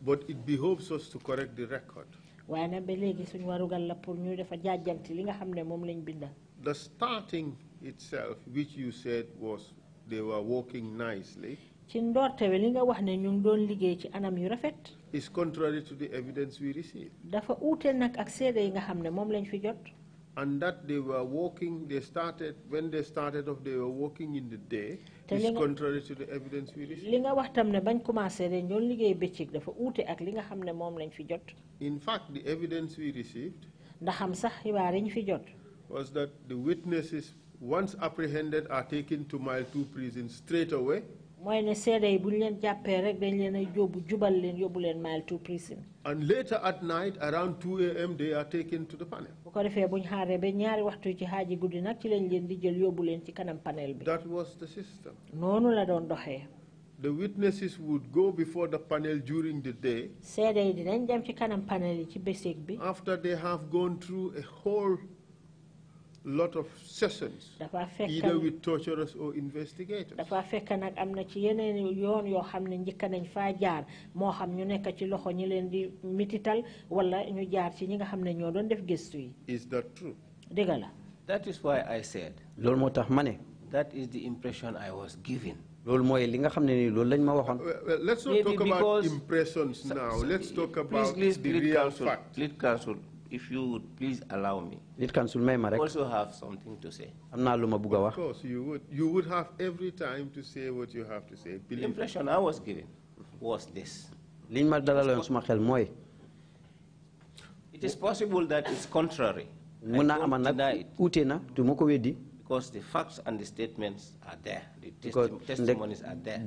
But it behoves us to correct the record. The starting itself, which you said was they were working nicely ci ndortewel li nga wax ne ñu ngi doon liggéey ci anam yu rafet is contrary to the evidence we received dafa uute nag ak seede yi nga xam ne moom lañ fi jot and that they were walking they started when they started off they were walking in the day is contrary to the evidence we received li nga wax tam ne bañ commencé dañ doon liggéey bëccëg dafa uute ak li nga xam ne moom lañ fi jot in fact the evidence we received ndaxam sax xibaar yi ñu fi jot was that the witnesses once apprehended are taken to mile two prison straight away mooy ne buñ leen jàppee rek dañ leen a yóbbu jubal leen yóbbu leen Mile Prison. and later at night around 2 a.m. they are taken to the panel. bu ko defee buñ xaaree ba ñaari waxtu ci guddi nag ci lañ leen di jël yóbbu leen ci kanam panel bi. that was the system. noonu la doon doxee. the witnesses would go before the panel during the day. dinañ dem ci kanam panel yi ci bi. after they have gone through a whole lot of sessions either with torturers or investigators is that true that is why I said that is the impression I was given loolu mooy let's not talk about impressions now let's talk about the real fact lead counsel if you would please allow me. I also have something to say. Of course, you would. You would have every time to say what you have to say. Believe the impression I was given was this. It is possible that it's contrary. Because the facts and the statements are there. The testimonies are there.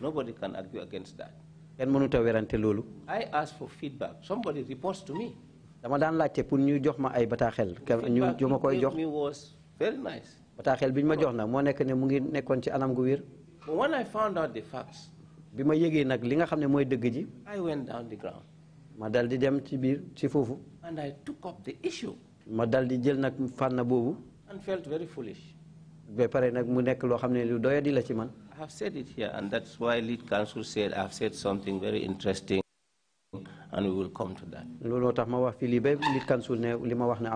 Nobody can argue against that. ken mënu a werante lolu I ask for feedback somebody reports to me. dama dan laccé pour ñu jox ma ay bata xel ñu ma koy jox was very nice. bata xel biñ ma jox na mo nek ne mu ngi nekkoon ci anam gu wir when I found out the facts. bima ma nak li nga xamné moy dëgg ji. I went down the ground. ma dal di dem ci bir ci fofu and I took up the issue. ma dal di jël nak fanna bobu and felt very foolish. be pare nak mu nek lo xam lu doya di la ci man. I have said it here, and that's why lead council said I have said something very interesting, and we will come to that. lead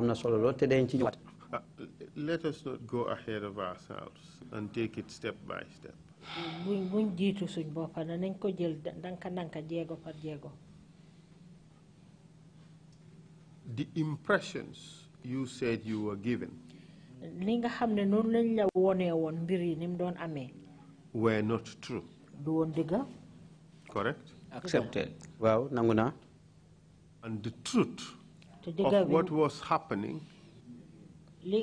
ne solo uh, let us not go ahead of ourselves and take it step by step. buñ buñ par the impressions you said you were given were not true. du woon dëgg. correct. accepted Well, Nanguna. and the truth. of what was happening. ni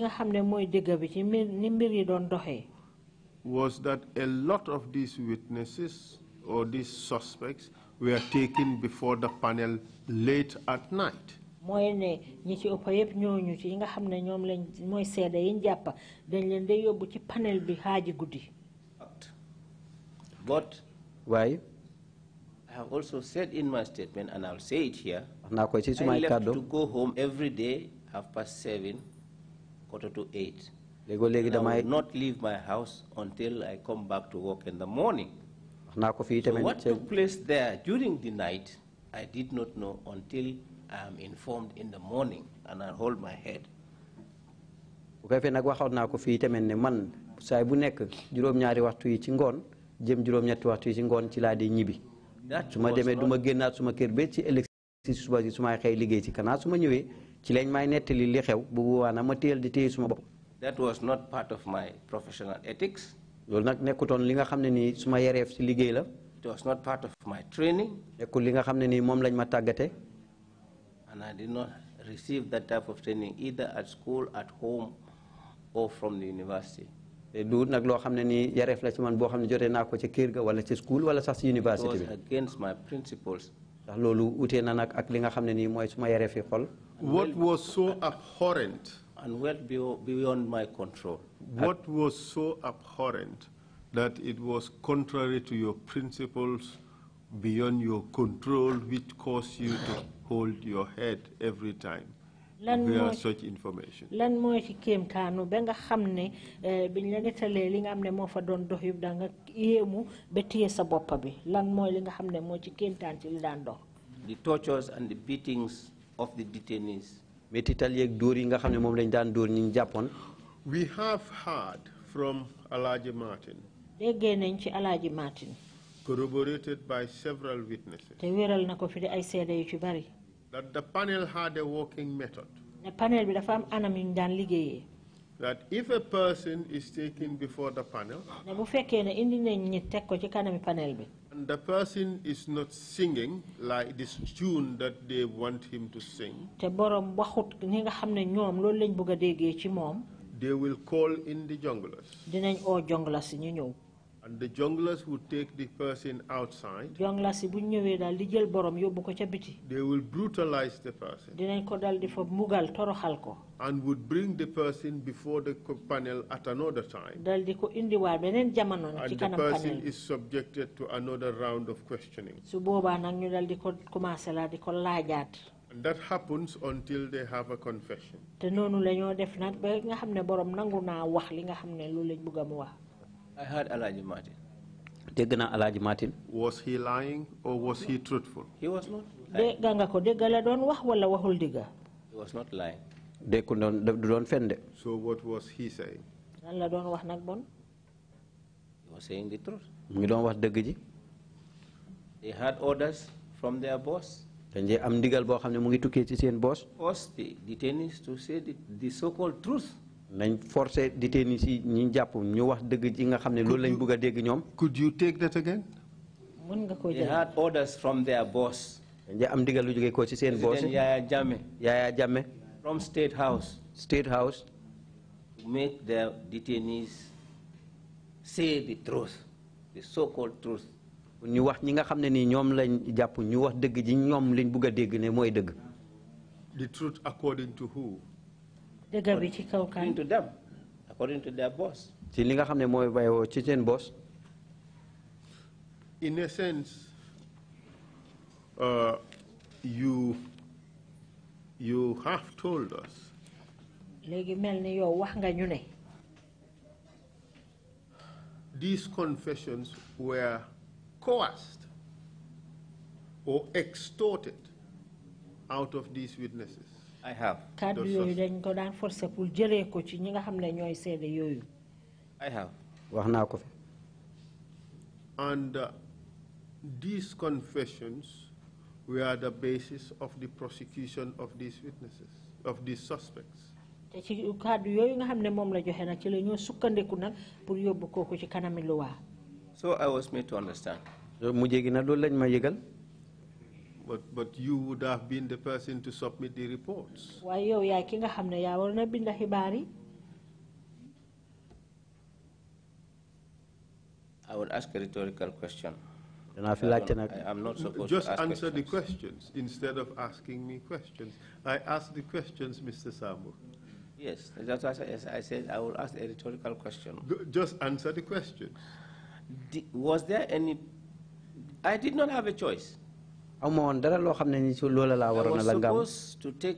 was that a lot of these witnesses or these suspects were taken before the panel late at night. mooy ne panel but why? I have also said in my statement and I'll say it here. wax naa I left to go home every day half past seven quarter to eight. léegoo I will not leave my house until I come back to work in the morning. wax what took place there during the night I did not know until I am informed in the morning and I hold my head. bu ko defee go waxoon I ko fii tamit ne man saay bu nekk juróom-ñaari waxtu yi ci jëm juróom-ñetti waxtu yi si ngoon ci laa di ñibbi su ma demee du ma génnaat suma kër ba ci ëllëg si suba si su may xëy liggéey si kanaa su ma ñëwee ci lañ may nettali li xew bu boobaa nag ma téyal di téye suma bopp that was not part of my loolu nag nekkutoon li nga xam ne nii suma yareef ci liggéey la it was not part of my li nga xam ne nii moom lañ ma tàggate and I did not receive that type of training either at school at home or from the university duut nag loo xam ne nii la ci man boo xam ne jotee ci kër ga wala ci school wala sax ci université bi. against my principles. ndax loolu utee na nag ak li nga xam ne nii suma yareef yi xol. what was so abhorrent. and well beyond my control. what was so abhorrent that it was contrary to your principles beyond your control which caused you to hold your head every time such information. lan ci nga eh, biñ la li nga fa dox da nga sa bi lan li nga ci ci li dox. the tortures and the beatings of the detainees. yi nga lañ we have heard from Alaji Martin. déggee nañ ci Alaji Martin. corroborated by several witnesses. te wéral na fi di ay yu ci bari that the panel had a working method. Panel am That if a person is taken before the panel. panel And the person is not singing like this tune that they want him to sing. They will call in the junglers. And the junglers would take the person outside. borom They will brutalize the person. mugal And would bring the person before the panel at another time. Dal di ko indi waat panel. And the person is subjected to another round of questioning. Su that happens until they have a confession. borom nangu li I heard Elijah Martin. Degna Elijah Martin. Was he lying or was he truthful? He was not lying. He was not lying. They could not, defend it. So what was he saying? He was saying the truth. You don't what the They had orders from their boss. dañ dee am digal bo xam ne mu ngi boss. ci seen boss. the detainees to say the so called truth forcé jàpp ñu wax nga loolu lañ dégg could you take that again. mën nga jël. they had orders from their boss. am lu ko ci seen boss. from State House. State House. to make the detainees say the truth, the so-called truth. ñu wax ñi nga xam ni ñoom lañ jàpp ñu wax dëgg ji ñoom lañ bëgg dégg ne the truth according to who according to them according to their boss. in a sense uh, you you have told us. these confessions were coerced or extorted out of these witnesses. I have. dañ ko daan forcer pour ko ci ñi nga I have. ko fi. and uh, these confessions were the basis of the prosecution of these witnesses, of these suspects. te ci nga la joxe ci la ñoo pour yóbbu ci kanami so I was made to understand. mujj gi nag lañ ma yëgal. But, but you would have been the person to submit the reports. waaye yow yaay a bind xibaar I would ask a rhetorical question. I am not supposed Just to just answer questions. the questions instead of asking me questions. I ask the questions, Mr. Sambu. Yes, that's what I said. I will ask a rhetorical question. Just answer the questions. was there any... I did not have a choice. amoo woon dara loo xam ne ni ci loola laa waroon a la ngam. to take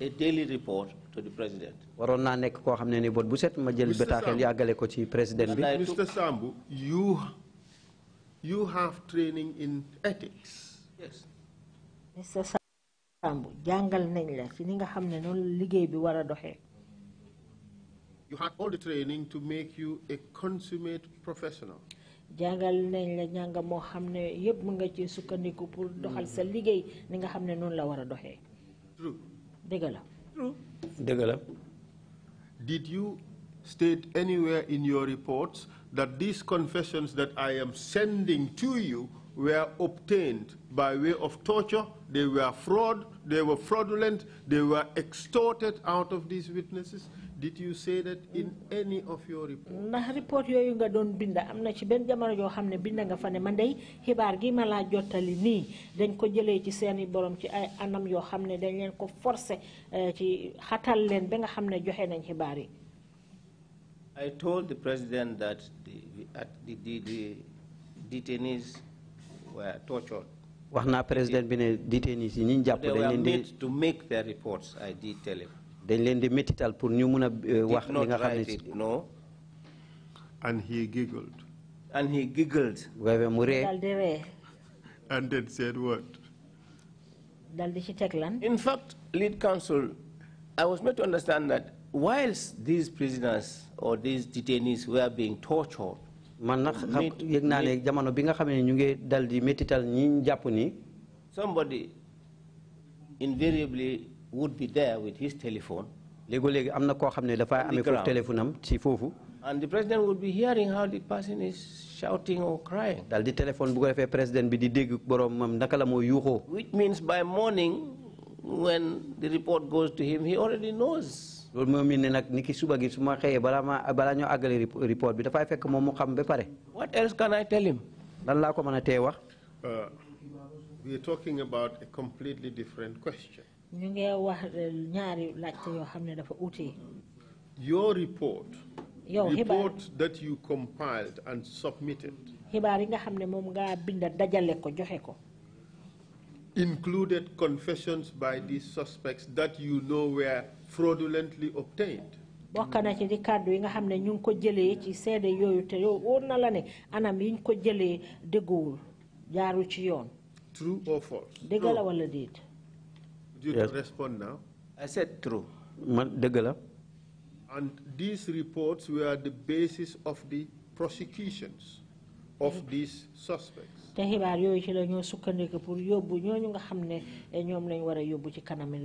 a daily report waroon naa nekk koo xam ne ni bët bu set ma jël bataaxel yàggale ko ci président bi. Mr Sambu you you have training jàngal nañ la ci ni nga xam ne noonu liggéey bi war a doxee. you had all jangal nañ la ñanga mo xamne yeb mu nga ci sukkandiku pour doxal hmm. sa liggey ni nga xamne non la wara doxé doxee. dëgg la. la. Did you state anywhere in your reports that these confessions that I am sending to you were obtained by way of torture, they were fraud, they were fraudulent, they were extorted out of these witnesses. Did you say that in any of your reports? ndax report yooyu nga doon binda am na ci benn jamono yoo xam binda nga fa ne man day xibaar gi ma laa jottali dañ ko jëlee ci seeni borom ci ay anam yoo xam ne dañ leen ko forcer eh, ci xatal leen ba nga xam joxe nañ xibaar I told the president that the, the, the, the detainees were tortured. wax naa président bi ne détenus yi ñi ñu jàpp dañ leen di to make their reports I did tell him. dañ leen di métital pour ñu mun a euh, wax li nga xam no. and he giggled. and he giggled. wewe mu ree. and then said what. dal di ci teg lan. in fact lead counsel I was made to understand that whilst these prisoners or these detainees were being tortured man nag xam yëg naa ne jamono bi nga xam ñu ngi dal métital ñi ñu jàpp ni. somebody invariably would be there with his telephone. léegoo léegi am na koo xam ne dafa amee foofu ci foofu. and the president would be hearing how the person is shouting or crying. dal téléphone bu ko defee président bi di dégg boromam naka la moo yuuxoo. which means by morning when the report goes to him he already knows. What else can I tell him? Uh, we are talking about a completely different question. Your report, the report that you compiled and submitted, included confessions by these suspects that you know were fraudulently obtained. ci di kàddu yi nga ñu ko ci te yow na la ne anam yi ñu ko jaaru ci yoon. true or false. dëgg la wala déet. you respond now. I said true. man dëgg la. and these reports were the basis of the prosecutions of these suspects. te xibaar yooyu ci la ñoo sukkandiku pour yóbbu nga xam ne eh, ñoom lañ war a yóbbu ci kanami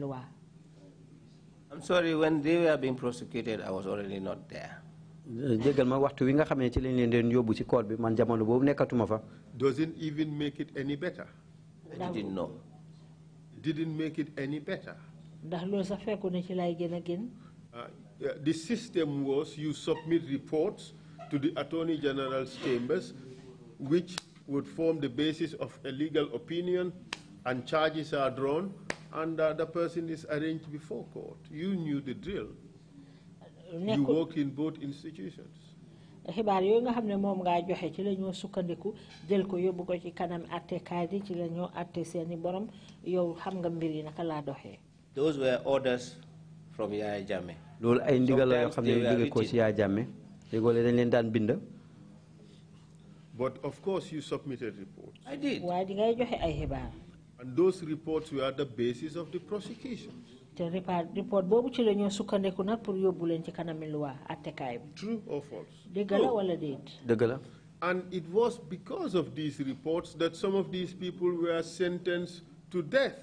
I'm sorry, when they were being prosecuted, I was already not there. The ma doesn't even make it any better I didn't know didn't make it any better ndax uh, the system was you submit reports to the Attorney General's chambers, which would form the basis of a legal opinion, and charges are drawn, and uh, the person is arranged before court. You knew the drill. you work in both institutions. xibaar yooyu nga xam ne moom ngaa joxe ci la ñoo sukkandiku jël ko yóbbu ko ci kanam ci la ñoo atte borom yow xam nga mbir yi naka laa doxee. those were orders from the Jammeh. loolu ay ndigal yoo xam ne jóge dañ leen daan bind. but of course you submitted reports. I did. waaye di ngay joxe ay xibaar. And those reports were the basis of the prosecutions. te report boobu ci la ñoo sukkandeku nag pour yóbbu leen ci kanami loi attekaay bi. True or false? dëgg la wala déet. dëgg la. And it was because of these reports that some of these people were sentenced to death.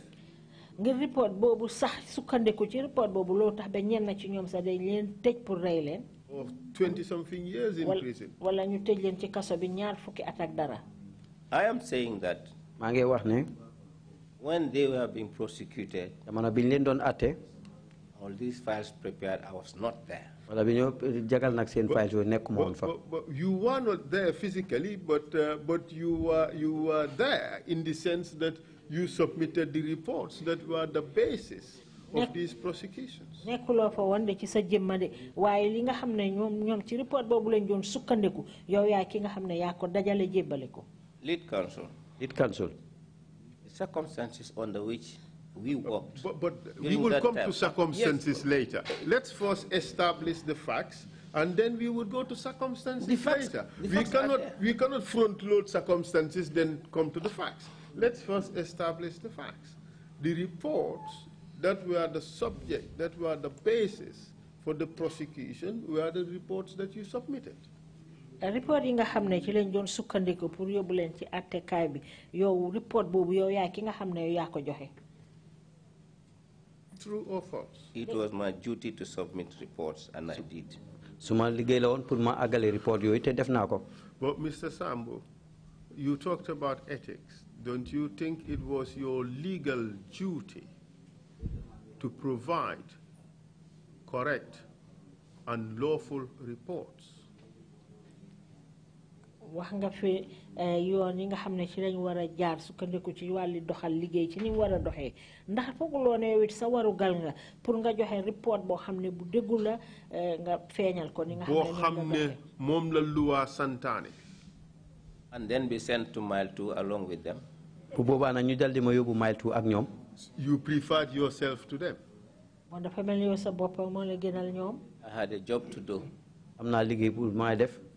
ngir report boobu sax sukkandeku ci report boobu loolu tax ba ñenn ci ñoom sax dañ leen tëj pour rey leen. Of 20 something years in prison. wala ñu tëj leen ci kaso bi ñaar fukki at ak dara. I am saying that. maa ngi wax ne. When they were being prosecuted, have been len don até, all these files prepared, I was not there. Wala bi ñoo You were not there physically, but uh, but you were you were there in the sense that you submitted the reports that were the basis of these prosecutions. lead counsel. lead counsel circumstances under which we worked. But, but we will come time. to circumstances yes. later. Let's first establish the facts, and then we will go to circumstances the facts, later. The we, cannot, we cannot front load circumstances, then come to the facts. Let's first establish the facts. The reports that were the subject, that were the basis for the prosecution, were the reports that you submitted report yi nga ci sukkandiku pour leen ci bi yow report yow yaay ki nga yow ko joxe. true or false? It was my duty to submit reports and I did. Suma liggéey la woon pour ma agale report yooyu te def naa But Mr. Sambo, you talked about ethics. Don't you think it was your legal duty to provide correct and lawful reports? fi eh, yoon yi nga xam ne ci lañ war a jaar sukkandiku ci wàlli doxal liggéey ci ni war a doxee ndax ne sa waru gal nga pour nga joxe report boo xam ne bu la eh, nga feeñal ko ni nga xam ne moom la santaane and then be sent to mile two along with them bu boobaa nag ñu ma yóbbu mile two ak ñoom you preferred yourself to them dafa mel ni yow sa bopp moo la gënal ñoom I had a job to do am naa liggéey bu may def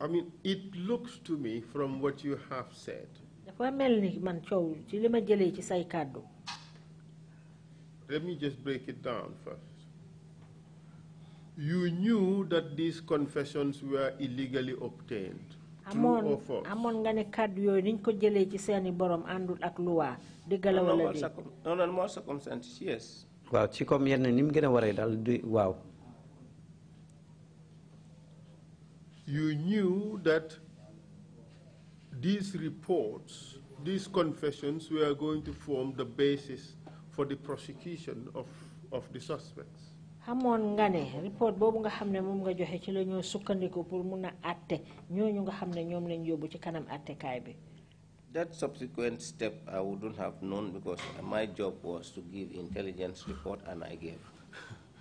I mean, it looks to me from what you have said. Let me just break it down first. You knew that these confessions were illegally obtained. amoon amoon nga ne kàddu àndul circumstances yes. Wow, you knew that these reports, these confessions were going to form the basis for the prosecution of, of the suspects. xamoon nga report boobu nga xam ne moom nga joxe ci la ñoo sukkandiku pour mun a àtte ñooñu nga xam ne ñoom yóbbu ci kanam àttekaay bi. that subsequent step I wouldn't have known because my job was to give intelligence report and I gave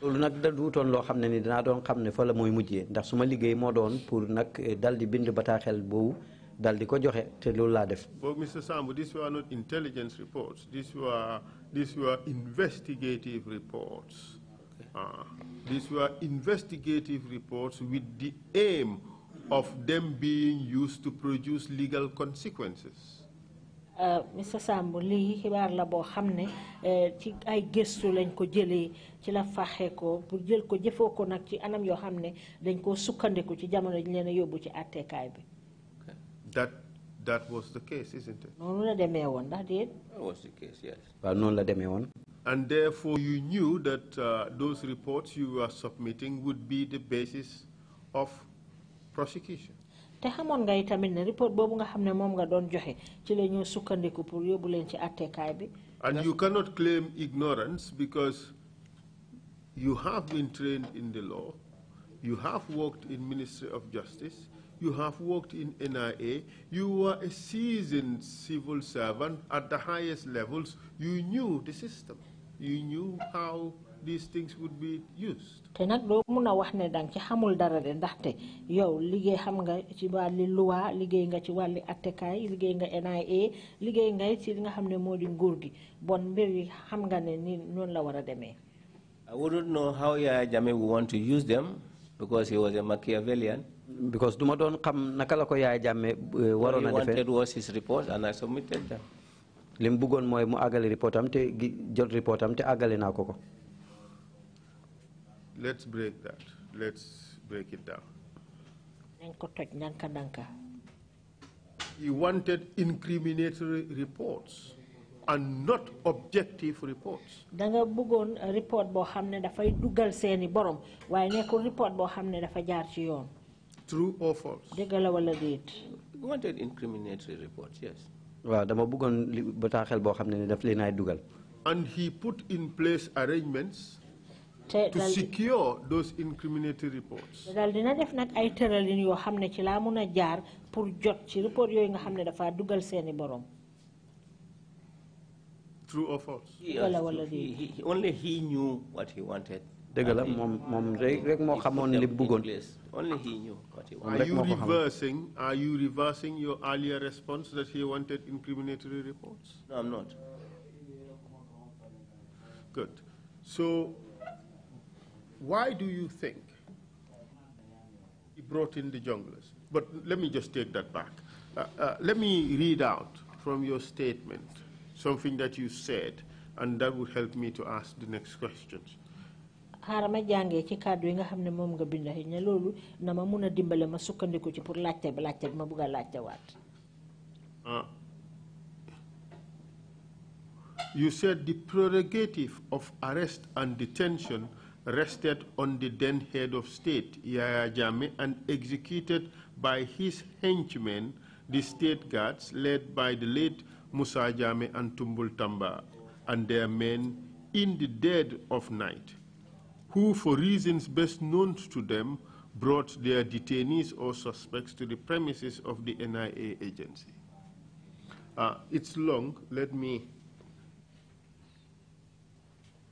da ni fa la ndax liggéey pour eh, bind ko joxe te def. Mr. Sambu, these were not intelligence reports. These were these were investigative reports. Ah, these were investigative reports with the aim of them being used to produce legal consequences. Ah, Mr. Sambo, lii xibaar la boo xam ne eh, ci ay gëstu lañ ko ci la faxe ko bu jël ko jëfoo ko nag ci anam yoo xam dañ koo sukkandiku ci jamono ji leen yóbbu ci àtteekaay bi. that that was the case isn't it. noonu la demee woon ndax déet. that was the case yes. waaw noonu la demee woon. and therefore you knew that uh, those reports you were submitting would be the basis of prosecution. te xamoon nga itamit report boobu nga xam ne moom nga doon joxe ci la sukkandiku pour yóbbu leen ci àttekaay bi. and you cannot claim ignorance because you have been trained in the law, you have worked in Ministry of Justice, you have worked in NIA, you were a seasoned civil servant at the highest levels, you knew the system, you knew how these things would be used. te wax ne dang ci xamul dara de yow xam nga ci loi nga ci nga NIA nga ci nga nguur gi bon mbir yi xam nga ne ni la I wouldn't know how Yaya Jammeh would want to use them because he was a Machiavellian. Because duma don xam naka la ko eh, warona wanted was his report and I submitted them. Lim bëggon moy mu agalé report am té jot report am té agalé na koko. Let's break that. Let's break it down. He wanted incriminatory reports and not objective reports. da nga uh, report bo hamne ne dafay duggal seeni borom waaye nekkul report bo hamne ne dafa jaar ci yoon. true or false. dëgg la wala déet. wanted incriminatory reports yes. waaw dama bëggoon li bataaxel boo xam ne daf leen dugal. and he put in place arrangements. to secure those incriminatory reports. daal dina def nag ay tëralin yoo xam ne ci laa mun a jaar pour jot ci report yooyu nga xam dafa dugal seeni borom. True or false? only he knew what he wanted. dëgg la moom moom rek moo xamoon li only he knew what he wanted. are you reversing are you reversing your earlier response that he wanted incriminatory reports? no I'm not. good so why do you think he brought in the junglers? But let me just take that back. Uh, uh, let me read out from your statement something that you said, and that would help me to ask the next questions. ci kàddu yi nga nga bind na ma dimbale ma ci pour ma ah. you said the prerogative of arrest and detention rested on the then head of state, Yaya Jami, and executed by his henchmen, the state guards led by the late Musa Jame and Tumbul Tamba and their men in the dead of night, who for reasons best known to them brought their detainees or suspects to the premises of the NIA agency. Uh, it's long. Let me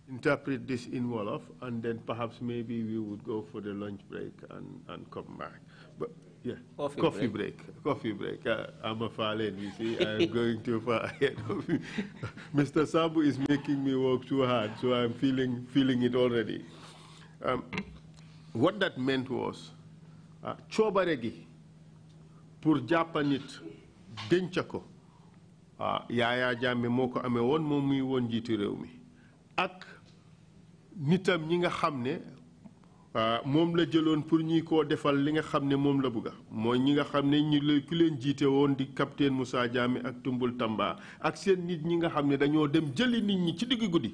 interpret this in Wolof, and then perhaps maybe we would go for the lunch break and, and come back. But yeah. Coffee, coffee break. break. Coffee break. I, am a falling. you see. I'm going too far ahead of you. Mr. Sabu is making me work too hard, so I'm feeling, feeling it already. Um, what that meant was, uh, chobaregi, pur japanit, denchako, uh, yaya jamme moko ame won mo mi won jitu ak nitam ñi nga Ah, moom la jëloon pour ñuy koo defal li nga xam ne moom la bugga mooy ñi nga xam ne ñu l ku leen jiite woon di capitaine moussa diami ak tumbul tamba ak seen nit ñi nga xam ne dañoo dem jëli nit ñi ci diggi guddi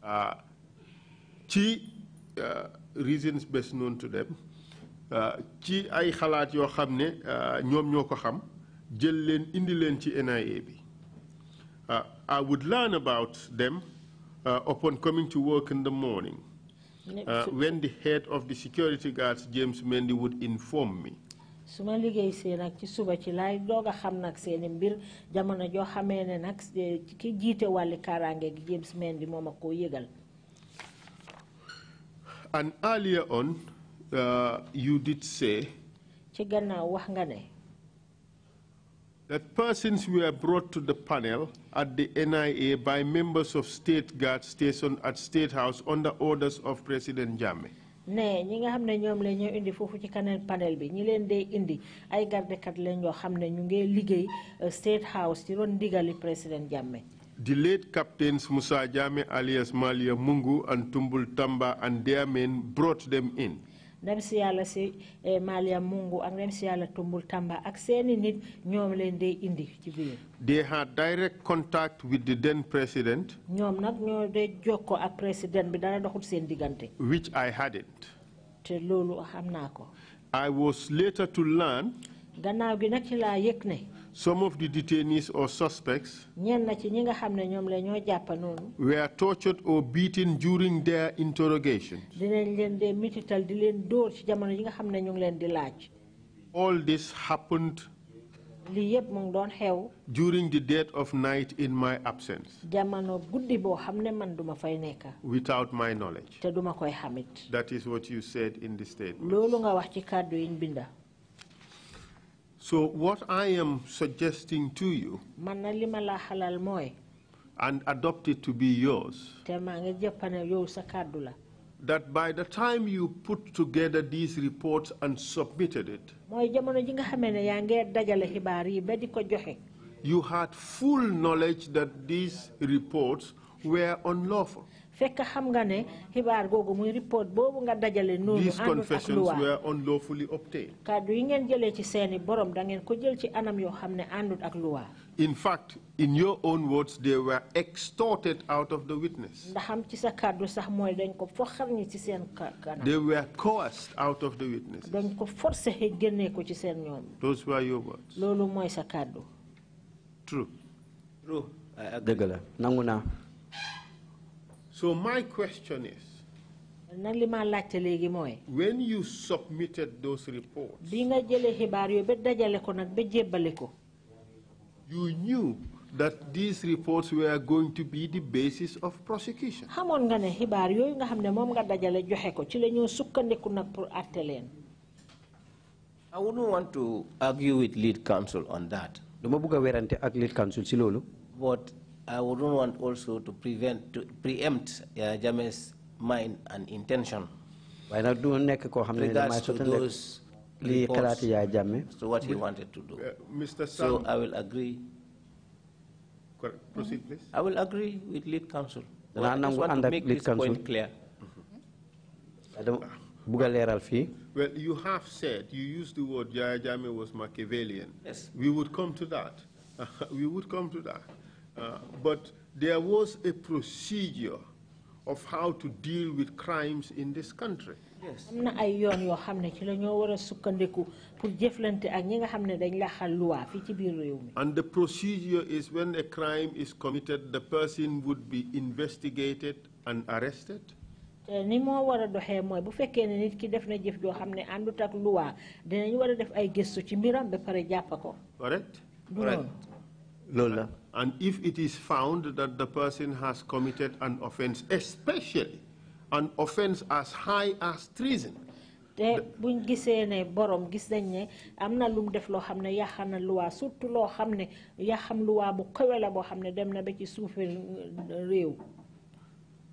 ah ci ah, regins bes noonu tudem ah, ci ay xalaat yoo xam ne ñoom ñoo ko xam jël leen indi leen ci nia bi i would learn about them upon coming to work in the morning Uh, when the head of the security guards, James Mendy, would inform me. suma liggéey see nag ci suba ci laay doog a xam nag seeni mbir jamono joo xamee ne nag eh, ki jiite wàlli gi James moom koo yëgal. And earlier on, uh, you did say. ci gannaaw wax nga ne that persons were brought to the panel at the NIA by members of State Guard stationed at State House under orders of President Jammeh. ne ñi nga xam ne ñoom la indi foofu ci kaneen panel bi ñi leen dee indi ay gardekat lañ yoo xam ne ñu ngi liggéey euh, State House ci ron ndigali président Jammeh. The late captains Musa Jammeh alias Malia Mungu and Tumbul Tamba and their men brought them in si eh, yàlla si Mungu ak si yàlla Tumbul Tamba ak seeni nit ñoom leen indi ci biir. They had direct contact with the then president. ñoom nag ñoo ak président bi dara seen diggante. which I hadn't. te loolu xam naa ko. I was later to learn. gannaaw gi nag ci laa yëg ne. Some of the detainees or suspects were tortured or beaten during their interrogation. All this happened during the dead of night in my absence without my knowledge that is what you said in the statement so what I am suggesting to you and adopt it to be yours that by the time you put together these reports and submitted it you had full knowledge that these reports were unlawful xam nga ne xibaar googu muy report boobu nga dajale noonu. these confessions were unlawfully obtained. kàddu yi ngeen jëlee ci seeni borom da ngeen ko jël ci anam yoo xam ne àndut ak luwa. in fact in your own words they were extorted out of the witness. they were coerced out of the witness. those were your words. true. true. dëgg la so my question is, when you submitted those reports, you knew that these reports were going to be the basis of prosecution. I wouldn't want to argue with lead counsel on that. But I wouldn't want also to prevent, to preempt uh, Jame's mind and intention. Why not do nekk koo xam ne so what he wanted to do. Uh, Mr. Sam, so I will agree. Proceed, please. I will agree with lead counsel. danaa want to make this counsel. point clear. Mm-hmm. dama bugg Well, you have said, you used the word Yaya Jame was Machiavellian. Yes. We would come to that. we would come to that. Uh, but there was a procedure of how to deal with crimes in this country. Yes. And the procedure is when a crime is committed, the person would be investigated and arrested. ni moo war a doxee mooy bu fekkee ne nit ki def na jëf joo xam ne àndut ak dinañ war a def ay gëstu ci mbiram ba pare jàpp ko. correct. loolu la. And if it is found that the person has committed an offense, especially an offense as high as treason. te ne borom gis nañ ne lum def surtout bu dem na ba ci réew.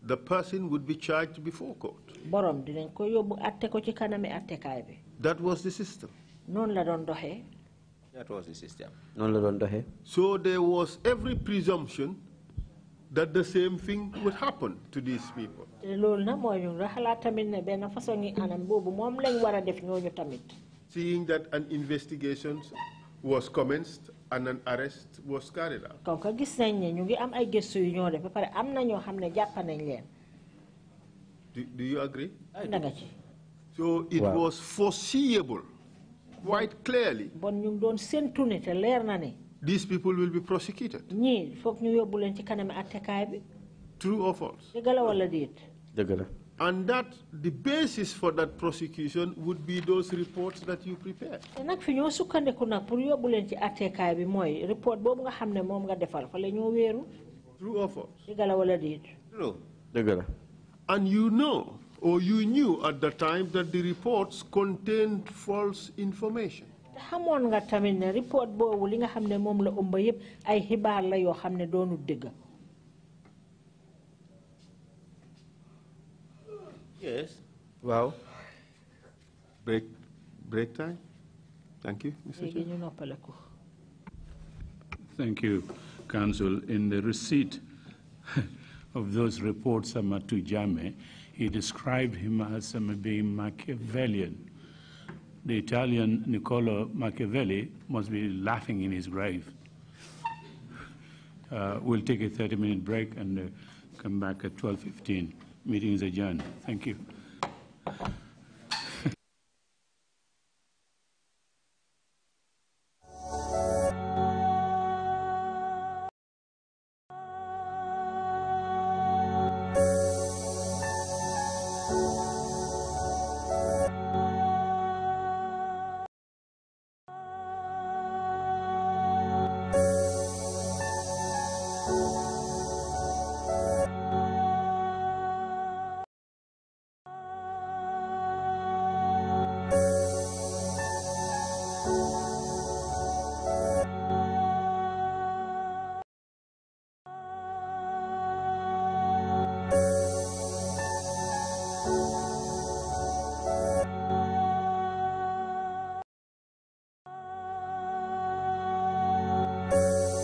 the person would be charged before court. borom dinañ ko yóbbu atte ko ci bi. that was the system. la doon that was the system. So there was every presumption that the same thing would happen to these people. Seeing that an investigation was commenced and an arrest was carried out. Do, do you agree? I do. So it wow. was foreseeable quite clearly these people will be prosecuted true or false And that the basis for that prosecution would be those reports that you prepared. true or false. true and you know or oh, you knew at the time that the reports contained false information. xamoon nga tamit report bo li nga xam ne moom la ëmb yëpp ay xibaar la yoo xam doonu dëgg. yes Wow. break break time. thank you Mr. Chair. thank you council in the receipt of those reports Amatou Jammeh he described him as being Machiavellian. The Italian Niccolo Machiavelli must be laughing in his grave. Uh, we'll take a 30-minute break and uh, come back at 12.15. Meeting is adjourned. Thank you.